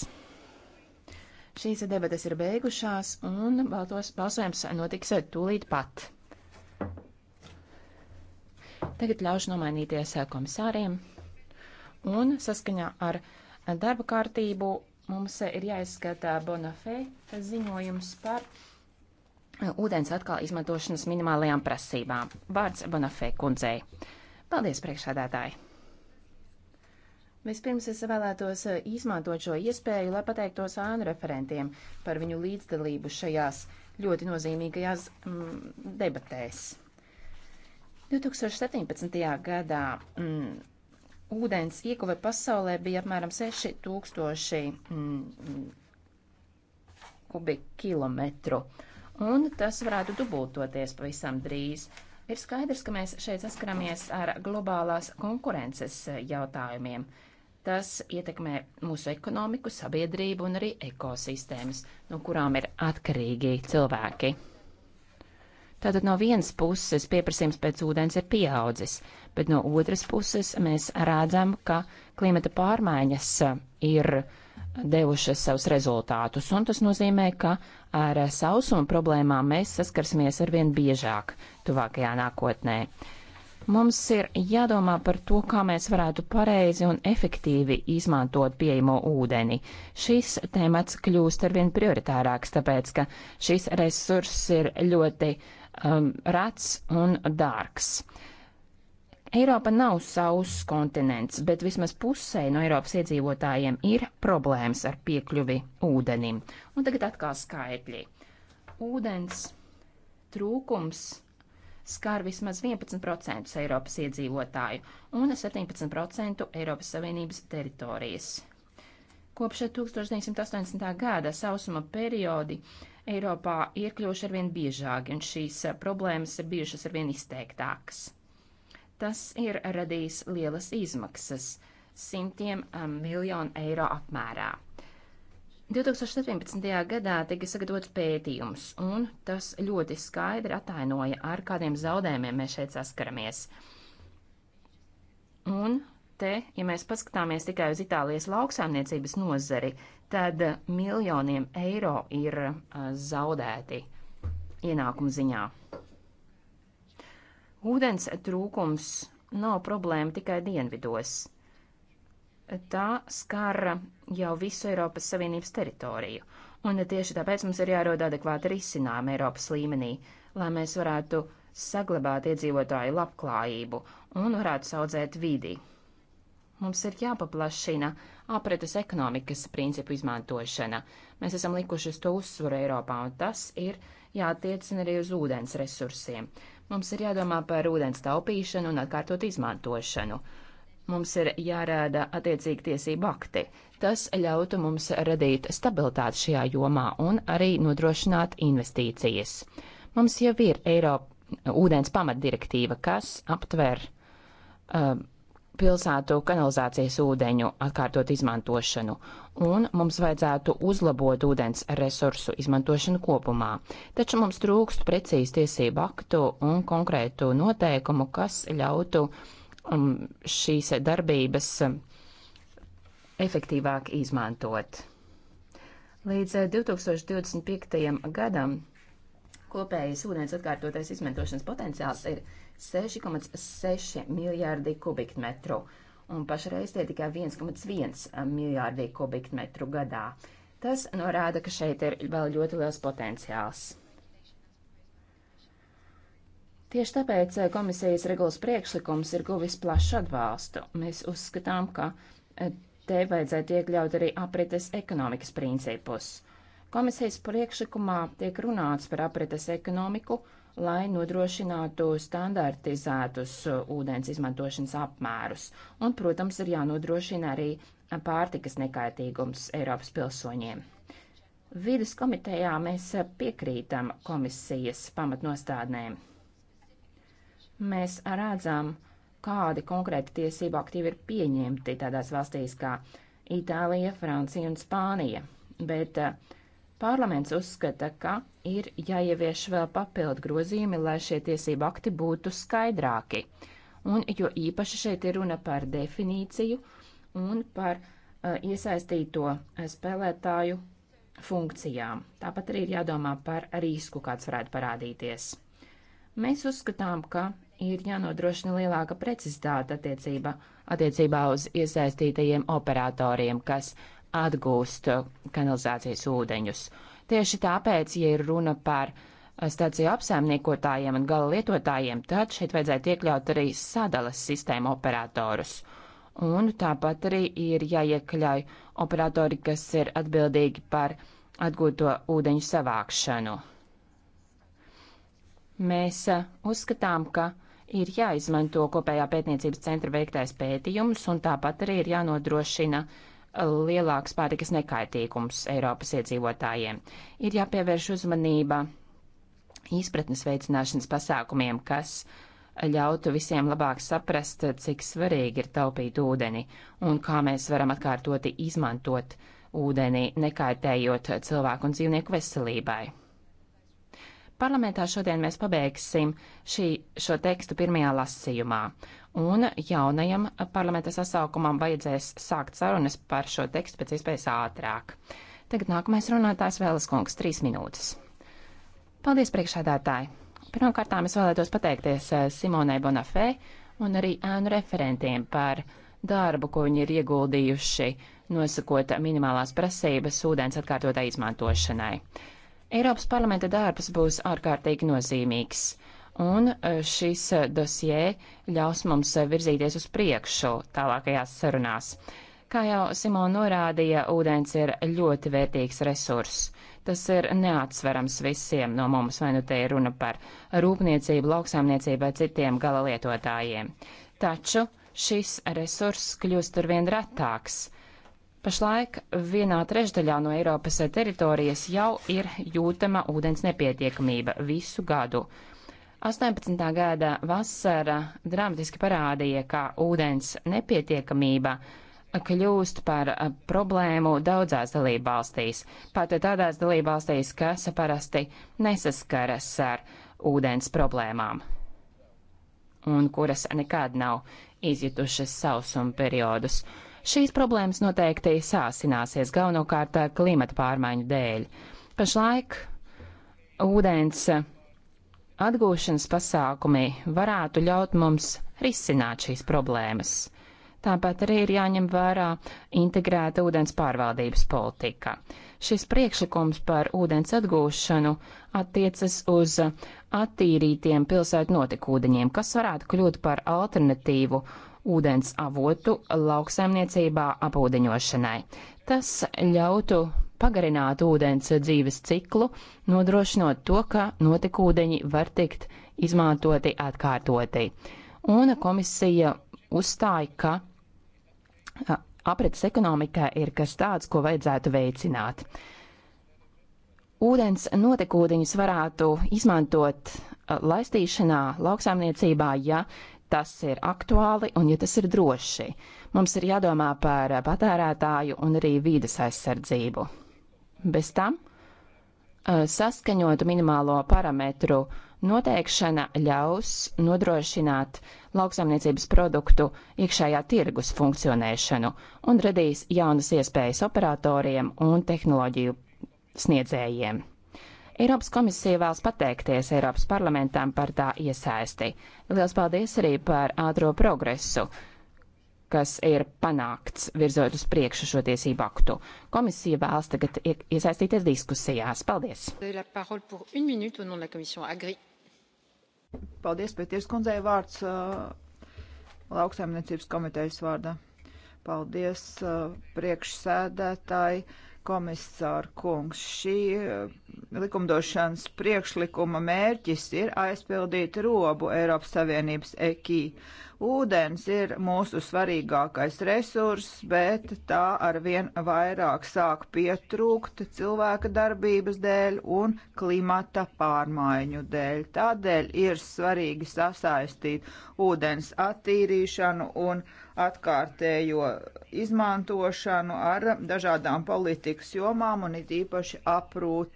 Speaker 5: Šīs debatas ir beigušās, un baltos, balsojums notiks eh, tūlīt pat. Tagad ļaušu nomainīties eh, komisāriem, un saskaņā ar darba kārtību mums eh, ir jāizskatā Bonafē ziņojums par ūdens atkal izmantošanas minimālajām prasībām. Vārds Bonafē kundzei. Paldies, priekšādātāji! Vispirms es vēlētos eh, izmantot šo iespēju, lai pateiktos ānu referentiem par viņu līdzdalību šajās ļoti nozīmīgajās mm, debatēs. 2017. gadā mm, ūdens ieguve pasaulē bija apmēram 6000 mm, kubikkilometru, un tas varētu dubultoties pavisam drīz. Ir skaidrs, ka mēs šeit saskaramies ar globālās konkurences eh, jautājumiem. Uh, Tas ietekmē mūsu ekonomiku, sabiedrību un arī ekosistēmas, no kurām ir atkarīgi cilvēki. Tātad no vienas puses pieprasījums pēc ūdens ir pieaudzis, bet no otras puses mēs redzam, ka klimata pārmaiņas ir devušas savus rezultātus, un tas nozīmē, ka ar sausuma problēmām mēs saskarsimies arvien biežāk tuvākajā nākotnē. Mums ir jādomā par to, kā mēs varētu pareizi un efektīvi izmantot pieejamo ūdeni. Šis temats kļūst arvien prioritārāks, tāpēc ka šis resurss ir ļoti um, rats un dārgs. Eiropa nav sauss kontinents, bet vismaz pusē no Eiropas iedzīvotājiem ir problēmas ar piekļuvi ūdenim. Un tagad atkal skaitļi. Ūdens trūkums skār vismaz 11% Eiropas iedzīvotāju un 17% Eiropas Savienības teritorijas. Kopš 1980. gada sausuma periodi Eiropā ir kļuvuši arvien biežāki, un šīs problēmas ir bijušas arvien izteiktākas. Tas ir radījis lielas izmaksas - simtiem um, miljonu eiro apmērā. 2017. gadā tika sagatavots pētījums, un tas ļoti skaidri atainoja, ar kādiem zaudējumiem mēs šeit saskaramies. Un te, ja mēs paskatāmies tikai uz Itālijas lauksaimniecības nozari, tad miljoniem eiro ir uh, zaudēti ienākumu ziņā. Ūdens trūkums nav problēma tikai dienvidos tā skara jau visu Eiropas Savienības teritoriju. Un tieši tāpēc mums ir jārod adekvāti risinājumi Eiropas līmenī, lai mēs varētu saglabāt iedzīvotāju labklājību un varētu saudzēt vidi. Mums ir jāpaplašina apretes ekonomikas principu izmantošana. Mēs esam likuši uz to uzsvaru Eiropā, un tas ir jātiecina arī uz ūdens resursiem. Mums ir jādomā par ūdens taupīšanu un atkārtot izmantošanu Mums ir jārāda attiecīgi tiesību akti. Tas ļautu mums radīt stabilitāti šajā jomā un arī nodrošināt investīcijas. Mums jau ir Eiropa ūdens pamatdirektīva, kas aptver uh, pilsētu kanalizācijas ūdeņu atkārtot izmantošanu, un mums vajadzētu uzlabot ūdens resursu izmantošanu kopumā. Taču mums trūkst precīzi tiesību aktu un konkrētu noteikumu, kas ļautu uh, Um, šīs darbības um, efektīvāk izmantot. Līdz 2025. Uh, gadam kopējais ūdens atkārtotais izmantošanas potenciāls ir 6,6 miljārdi kubikmetru, un pašreiz tie tikai 1,1 uh, miljārdi kubikmetru gadā. Tas norāda, ka šeit ir vēl ļoti liels potenciāls. Tieši tāpēc eh, komisijas regulas priekšlikums ir guvis plašu atbalstu. Mēs uzskatām, ka eh, te vajadzētu iekļaut arī aprites ekonomikas principus. Komisijas priekšlikumā tiek runāts par aprites ekonomiku, lai nodrošinātu standartizētus eh, ūdens izmantošanas apmērus. Un, protams, ir jānodrošina arī pārtikas nekaitīgums Eiropas pilsoņiem. Vides komitejā mēs piekrītam komisijas pamatnostādnēm mēs redzam, kādi konkrēti tiesību aktīvi ir pieņemti tādās valstīs kā Itālija, Francija un Spānija. Bet eh, parlaments uzskata, ka ir jāievieš vēl papildu grozījumi, lai šie tiesību akti būtu skaidrāki. Un jo īpaši šeit ir runa par definīciju un par uh, iesaistīto spēlētāju funkcijām. Tāpat arī ir jādomā par risku, kāds varētu parādīties. Mēs uzskatām, ka ir jānodrošina lielāka precizitāte attiecība, attiecībā uz iesaistītajiem operatoriem, kas atgūst kanalizācijas ūdeņus. Tieši tāpēc, ja ir runa par stāciju apsaimniekotājiem un gala lietotājiem, tad šeit vajadzētu iekļaut arī sadalas sistēmu operatorus. Un tāpat arī ir jāiekļauj operatori, kas ir atbildīgi par atgūto ūdeņu savākšanu. Mēs uzskatām, ka ir jāizmanto kopējā pētniecības centra veiktais pētījums, un tāpat arī ir jānodrošina uh, lielāks pārtikas nekaitīgums Eiropas iedzīvotājiem. Ir jāpievērš uzmanība izpratnes veicināšanas pasākumiem, kas ļautu visiem labāk saprast, cik svarīgi ir taupīt ūdeni un kā mēs varam atkārtoti izmantot ūdeni, nekaitējot cilvēku un dzīvnieku veselībai. Parlamentā šodien mēs pabeigsim šī, šo tekstu pirmajā lasījumā, un jaunajam parlamenta sasaukumam vajadzēs sākt sarunas par šo tekstu pēc iespējas ātrāk. Tagad nākamais runātājs Vēles kungs, trīs minūtes. Paldies, priekšādātāji! Pirmkārtām es vēlētos pateikties eh, Simonai Bonafē un arī ēnu referentiem par darbu, ko viņi ir ieguldījuši, nosakot minimālās prasības ūdens atkārtotai izmantošanai. Eiropas parlamenta darbs būs ārkārtīgi nozīmīgs, un e, šis e, dosie ļaus mums e, virzīties uz priekšu tālākajās sarunās. Kā jau Simona norādīja, ūdens ir ļoti vērtīgs resurss. Tas ir neatsverams visiem no mums, vai nu te ir runa par rūpniecību, lauksāmniecību vai citiem galalietotājiem. Taču šis resurss kļūst arvien retāks, Pašlaik vienā trešdaļā no Eiropas teritorijas jau ir jūtama ūdens nepietiekamība visu gadu. 18. gada vasara dramatiski parādīja, ka ūdens nepietiekamība kļūst par problēmu daudzās dalībvalstīs, pat tādās dalībvalstīs, kas parasti nesaskaras ar ūdens problēmām un kuras nekad nav izjutušas sausuma periodus. Uh, Šīs problēmas noteikti sāsināsies galvenokārt klimata pārmaiņu dēļ. Pašlaik ūdens atgūšanas pasākumi varētu ļaut mums risināt šīs problēmas. Tāpat arī ir jāņem vērā integrēta ūdens pārvaldības politika. Šis priekšlikums par ūdens atgūšanu attiecas uz attīrītiem pilsētu notekūdeņiem, kas varētu kļūt par alternatīvu uh, ūdens avotu lauksaimniecībā apūdeņošanai. Tas ļautu pagarināt ūdens dzīves ciklu, nodrošinot to, ka notekūdeņi var tikt izmantoti atkārtoti. Un komisija uzstāja, ka aprits ekonomikā ir kas tāds, ko vajadzētu veicināt. Ūdens notekūdeņus varētu izmantot laistīšanā, lauksaimniecībā, ja tas ir aktuāli un ja tas ir droši. Mums ir jādomā par patērētāju un arī vīdes aizsardzību. Bez tam saskaņotu minimālo parametru noteikšana ļaus nodrošināt lauksaimniecības produktu iekšējā tirgus funkcionēšanu un radīs jaunas iespējas operatoriem un tehnoloģiju sniedzējiem. Eiropas komisija vēlas pateikties Eiropas parlamentam par tā iesaisti. Liels paldies arī par ātro progresu, kas ir panākts virzot uz priekšu šo tiesību aktu. Komisija vēlas tagad iesaistīties diskusijās. Paldies!
Speaker 2: Paldies, Pēties kundzei vārds uh, lauksaimniecības komitejas vārdā. Paldies, uh, priekšsēdētāji. Uh, komisāra kungs, šī eh, likumdošanas priekšlikuma mērķis ir aizpildīt robu Eiropas Savienības ekī. Ūdens ir mūsu svarīgākais resurss, bet tā arvien vairāk sāk pietrūkt cilvēka darbības dēļ un klimata pārmaiņu dēļ. Tādēļ ir svarīgi sasaistīt ūdens attīrīšanu un ūdens atkārtējo izmantošanu ar dažādām politikas jomām un it īpaši aprūt,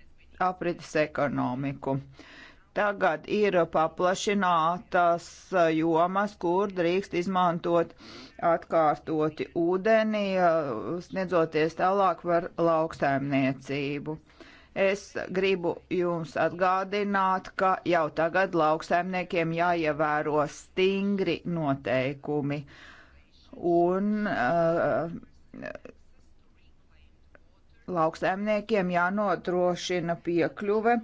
Speaker 2: aprites ekonomiku. Tagad ir paplašinātas jomas, kur drīkst izmantot atkārtoti ūdeni, sniedzoties tālāk par lauksaimniecību. Es gribu jums atgādināt, ka jau tagad lauksaimniekiem jāievēro stingri noteikumi. Uh, un uh, lauksaimniekiem jānodrošina piekļuve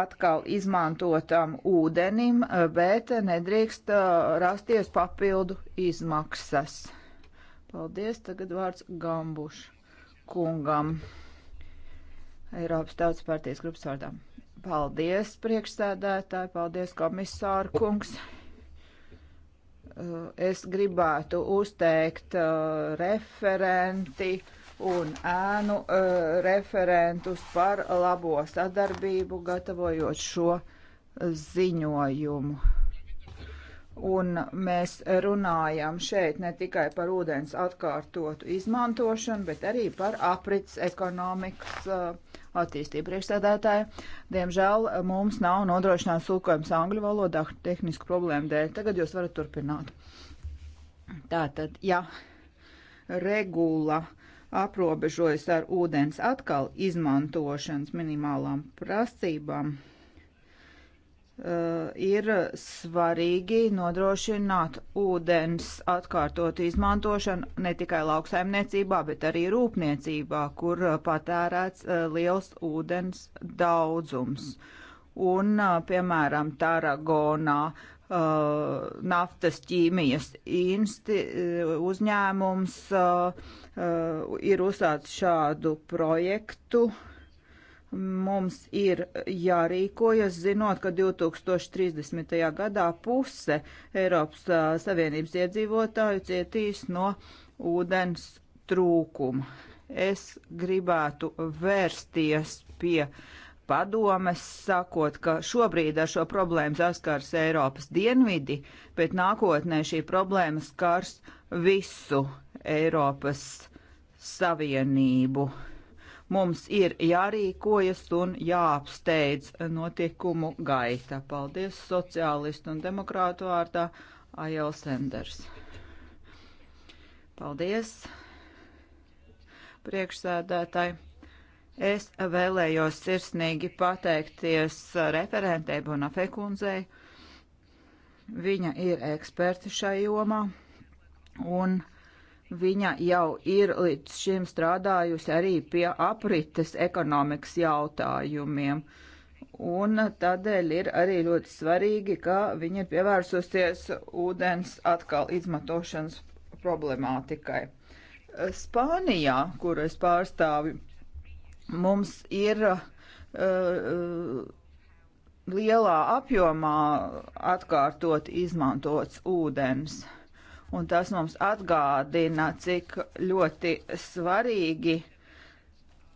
Speaker 2: atkal izmantotam ūdenim, bet nedrīkst uh, rasties papildu izmaksas. Paldies, tagad vārds Gambuš kungam. Eiropas Tautas partijas grupas vārdām. Paldies, priekšsēdētāji, paldies, komisāra kungs. Eh, es gribētu uzteikt eh, referenti un ēnu eh, referentus par labo sadarbību, gatavojot šo ziņojumu. Un mēs runājam šeit ne tikai par ūdens atkārtotu izmantošanu, bet arī par aprits ekonomikas uh, attīstību priekšsēdētāju. Diemžēl uh, mums nav nodrošināts tulkojums angļu valodā tehnisku problēmu dēļ. Tagad jūs varat turpināt. Tātad, ja regula aprobežojas ar ūdens atkal izmantošanas minimālām prasībām, Eh, ir svarīgi nodrošināt ūdens atkārtotu izmantošanu ne tikai lauksaimniecībā, bet arī rūpniecībā, kur eh, patērēts eh, liels ūdens daudzums. Un, piemēram, Taragonā naftas ķīmijas insti, uzņēmums ir uzsācis šādu projektu, Mums ir jārīkojas, zinot, ka 2030. gadā puse Eiropas Savienības iedzīvotāju cietīs no ūdens trūkuma. Es gribētu vērsties pie padomes, sakot, ka šobrīd ar šo problēmu saskars Eiropas dienvidi, bet nākotnē šī problēma skars visu Eiropas Savienību. Mums ir jārīkojas un jāapsteidz notikumu gaita. Paldies sociālistu un demokrātu vārdā Aiel Senders. Paldies, priekšsēdētāji. Es vēlējos sirsnīgi pateikties referentei Bonafe kundzei. Viņa ir eksperti šai jomā un Viņa jau ir līdz šim strādājusi arī pie aprites ekonomikas jautājumiem. Un tādēļ ir arī ļoti svarīgi, ka viņa ir pievērsusies ūdens atkal izmantošanas problemātikai. Spānijā, kur es pārstāvu, mums ir uh, uh, lielā apjomā atkārtot izmantots ūdens un tas mums atgādina, cik ļoti svarīgi ir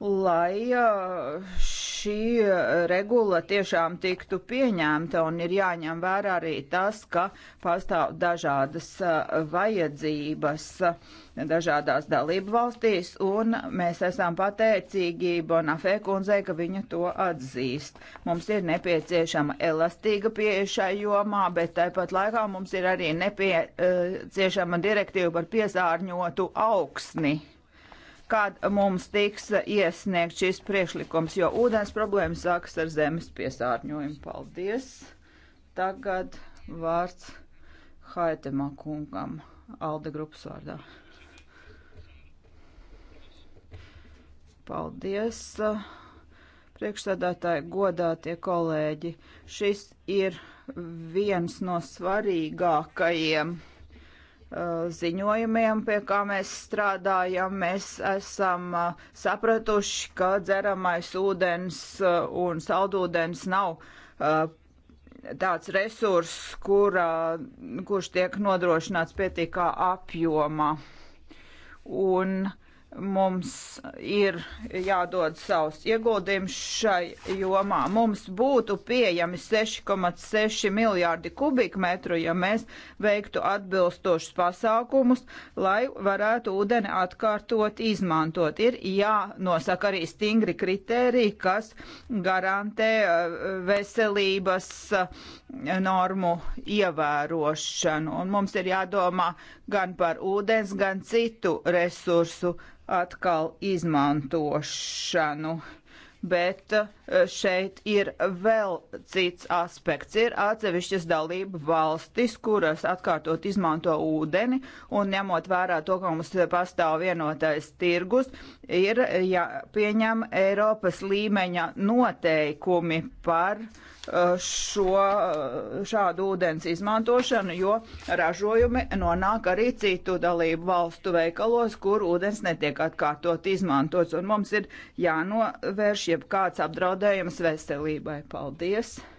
Speaker 2: lai šī regula tiešām tiktu pieņemta un ir jāņem vērā arī tas, ka pastāv dažādas vajadzības dažādās dalību valstīs un mēs esam pateicīgi Bonafē kundzei, ka viņa to atzīst. Mums ir nepieciešama elastīga pieeja šai jomā, bet tāpat laikā mums ir arī nepieciešama direktīva par piesārņotu augsni kad mums tiks iesniegt šis priekšlikums, jo ūdens problēma sākas ar zemes piesārņojumu. Paldies! Tagad vārds Haitemā kungam, Alde grupas vārdā. Paldies! Priekšsēdētāji, godātie kolēģi, šis ir viens no svarīgākajiem Uh, ziņojumiem, pie kā mēs strādājam, mēs esam uh, sapratuši, ka dzeramais ūdens uh, un saldūdens nav tāds resurss, kura, kurš tiek nodrošināts pietiekā apjomā. Un mums ir jādod savs ieguldījums šai jomā. Mums būtu pieejami 6,6 miljārdi kubikmetru, ja mēs veiktu atbilstošus pasākumus, lai varētu ūdeni atkārtot izmantot. Ir jānosaka arī stingri kriteriji, kas garantē eh, veselības eh, normu ievērošanu. Un mums ir jādomā gan par ūdens, gan citu resursu atkal izmantošanu. Bet uh, šeit ir vēl cits aspekts. Ir atsevišķas dalība valstis, kuras atkārtot izmanto ūdeni, un ņemot vērā to, ka mums pastāv vienotais tirgus, ir jāpieņem ja Eiropas līmeņa noteikumi par uh, Eh, šo, eh, šādu ūdens izmantošanu, jo ražojumi nonāk arī citu dalību valstu veikalos, kur ūdens netiek atkārtot izmantots, un mums ir jānovērš jebkāds apdraudējums veselībai. Paldies!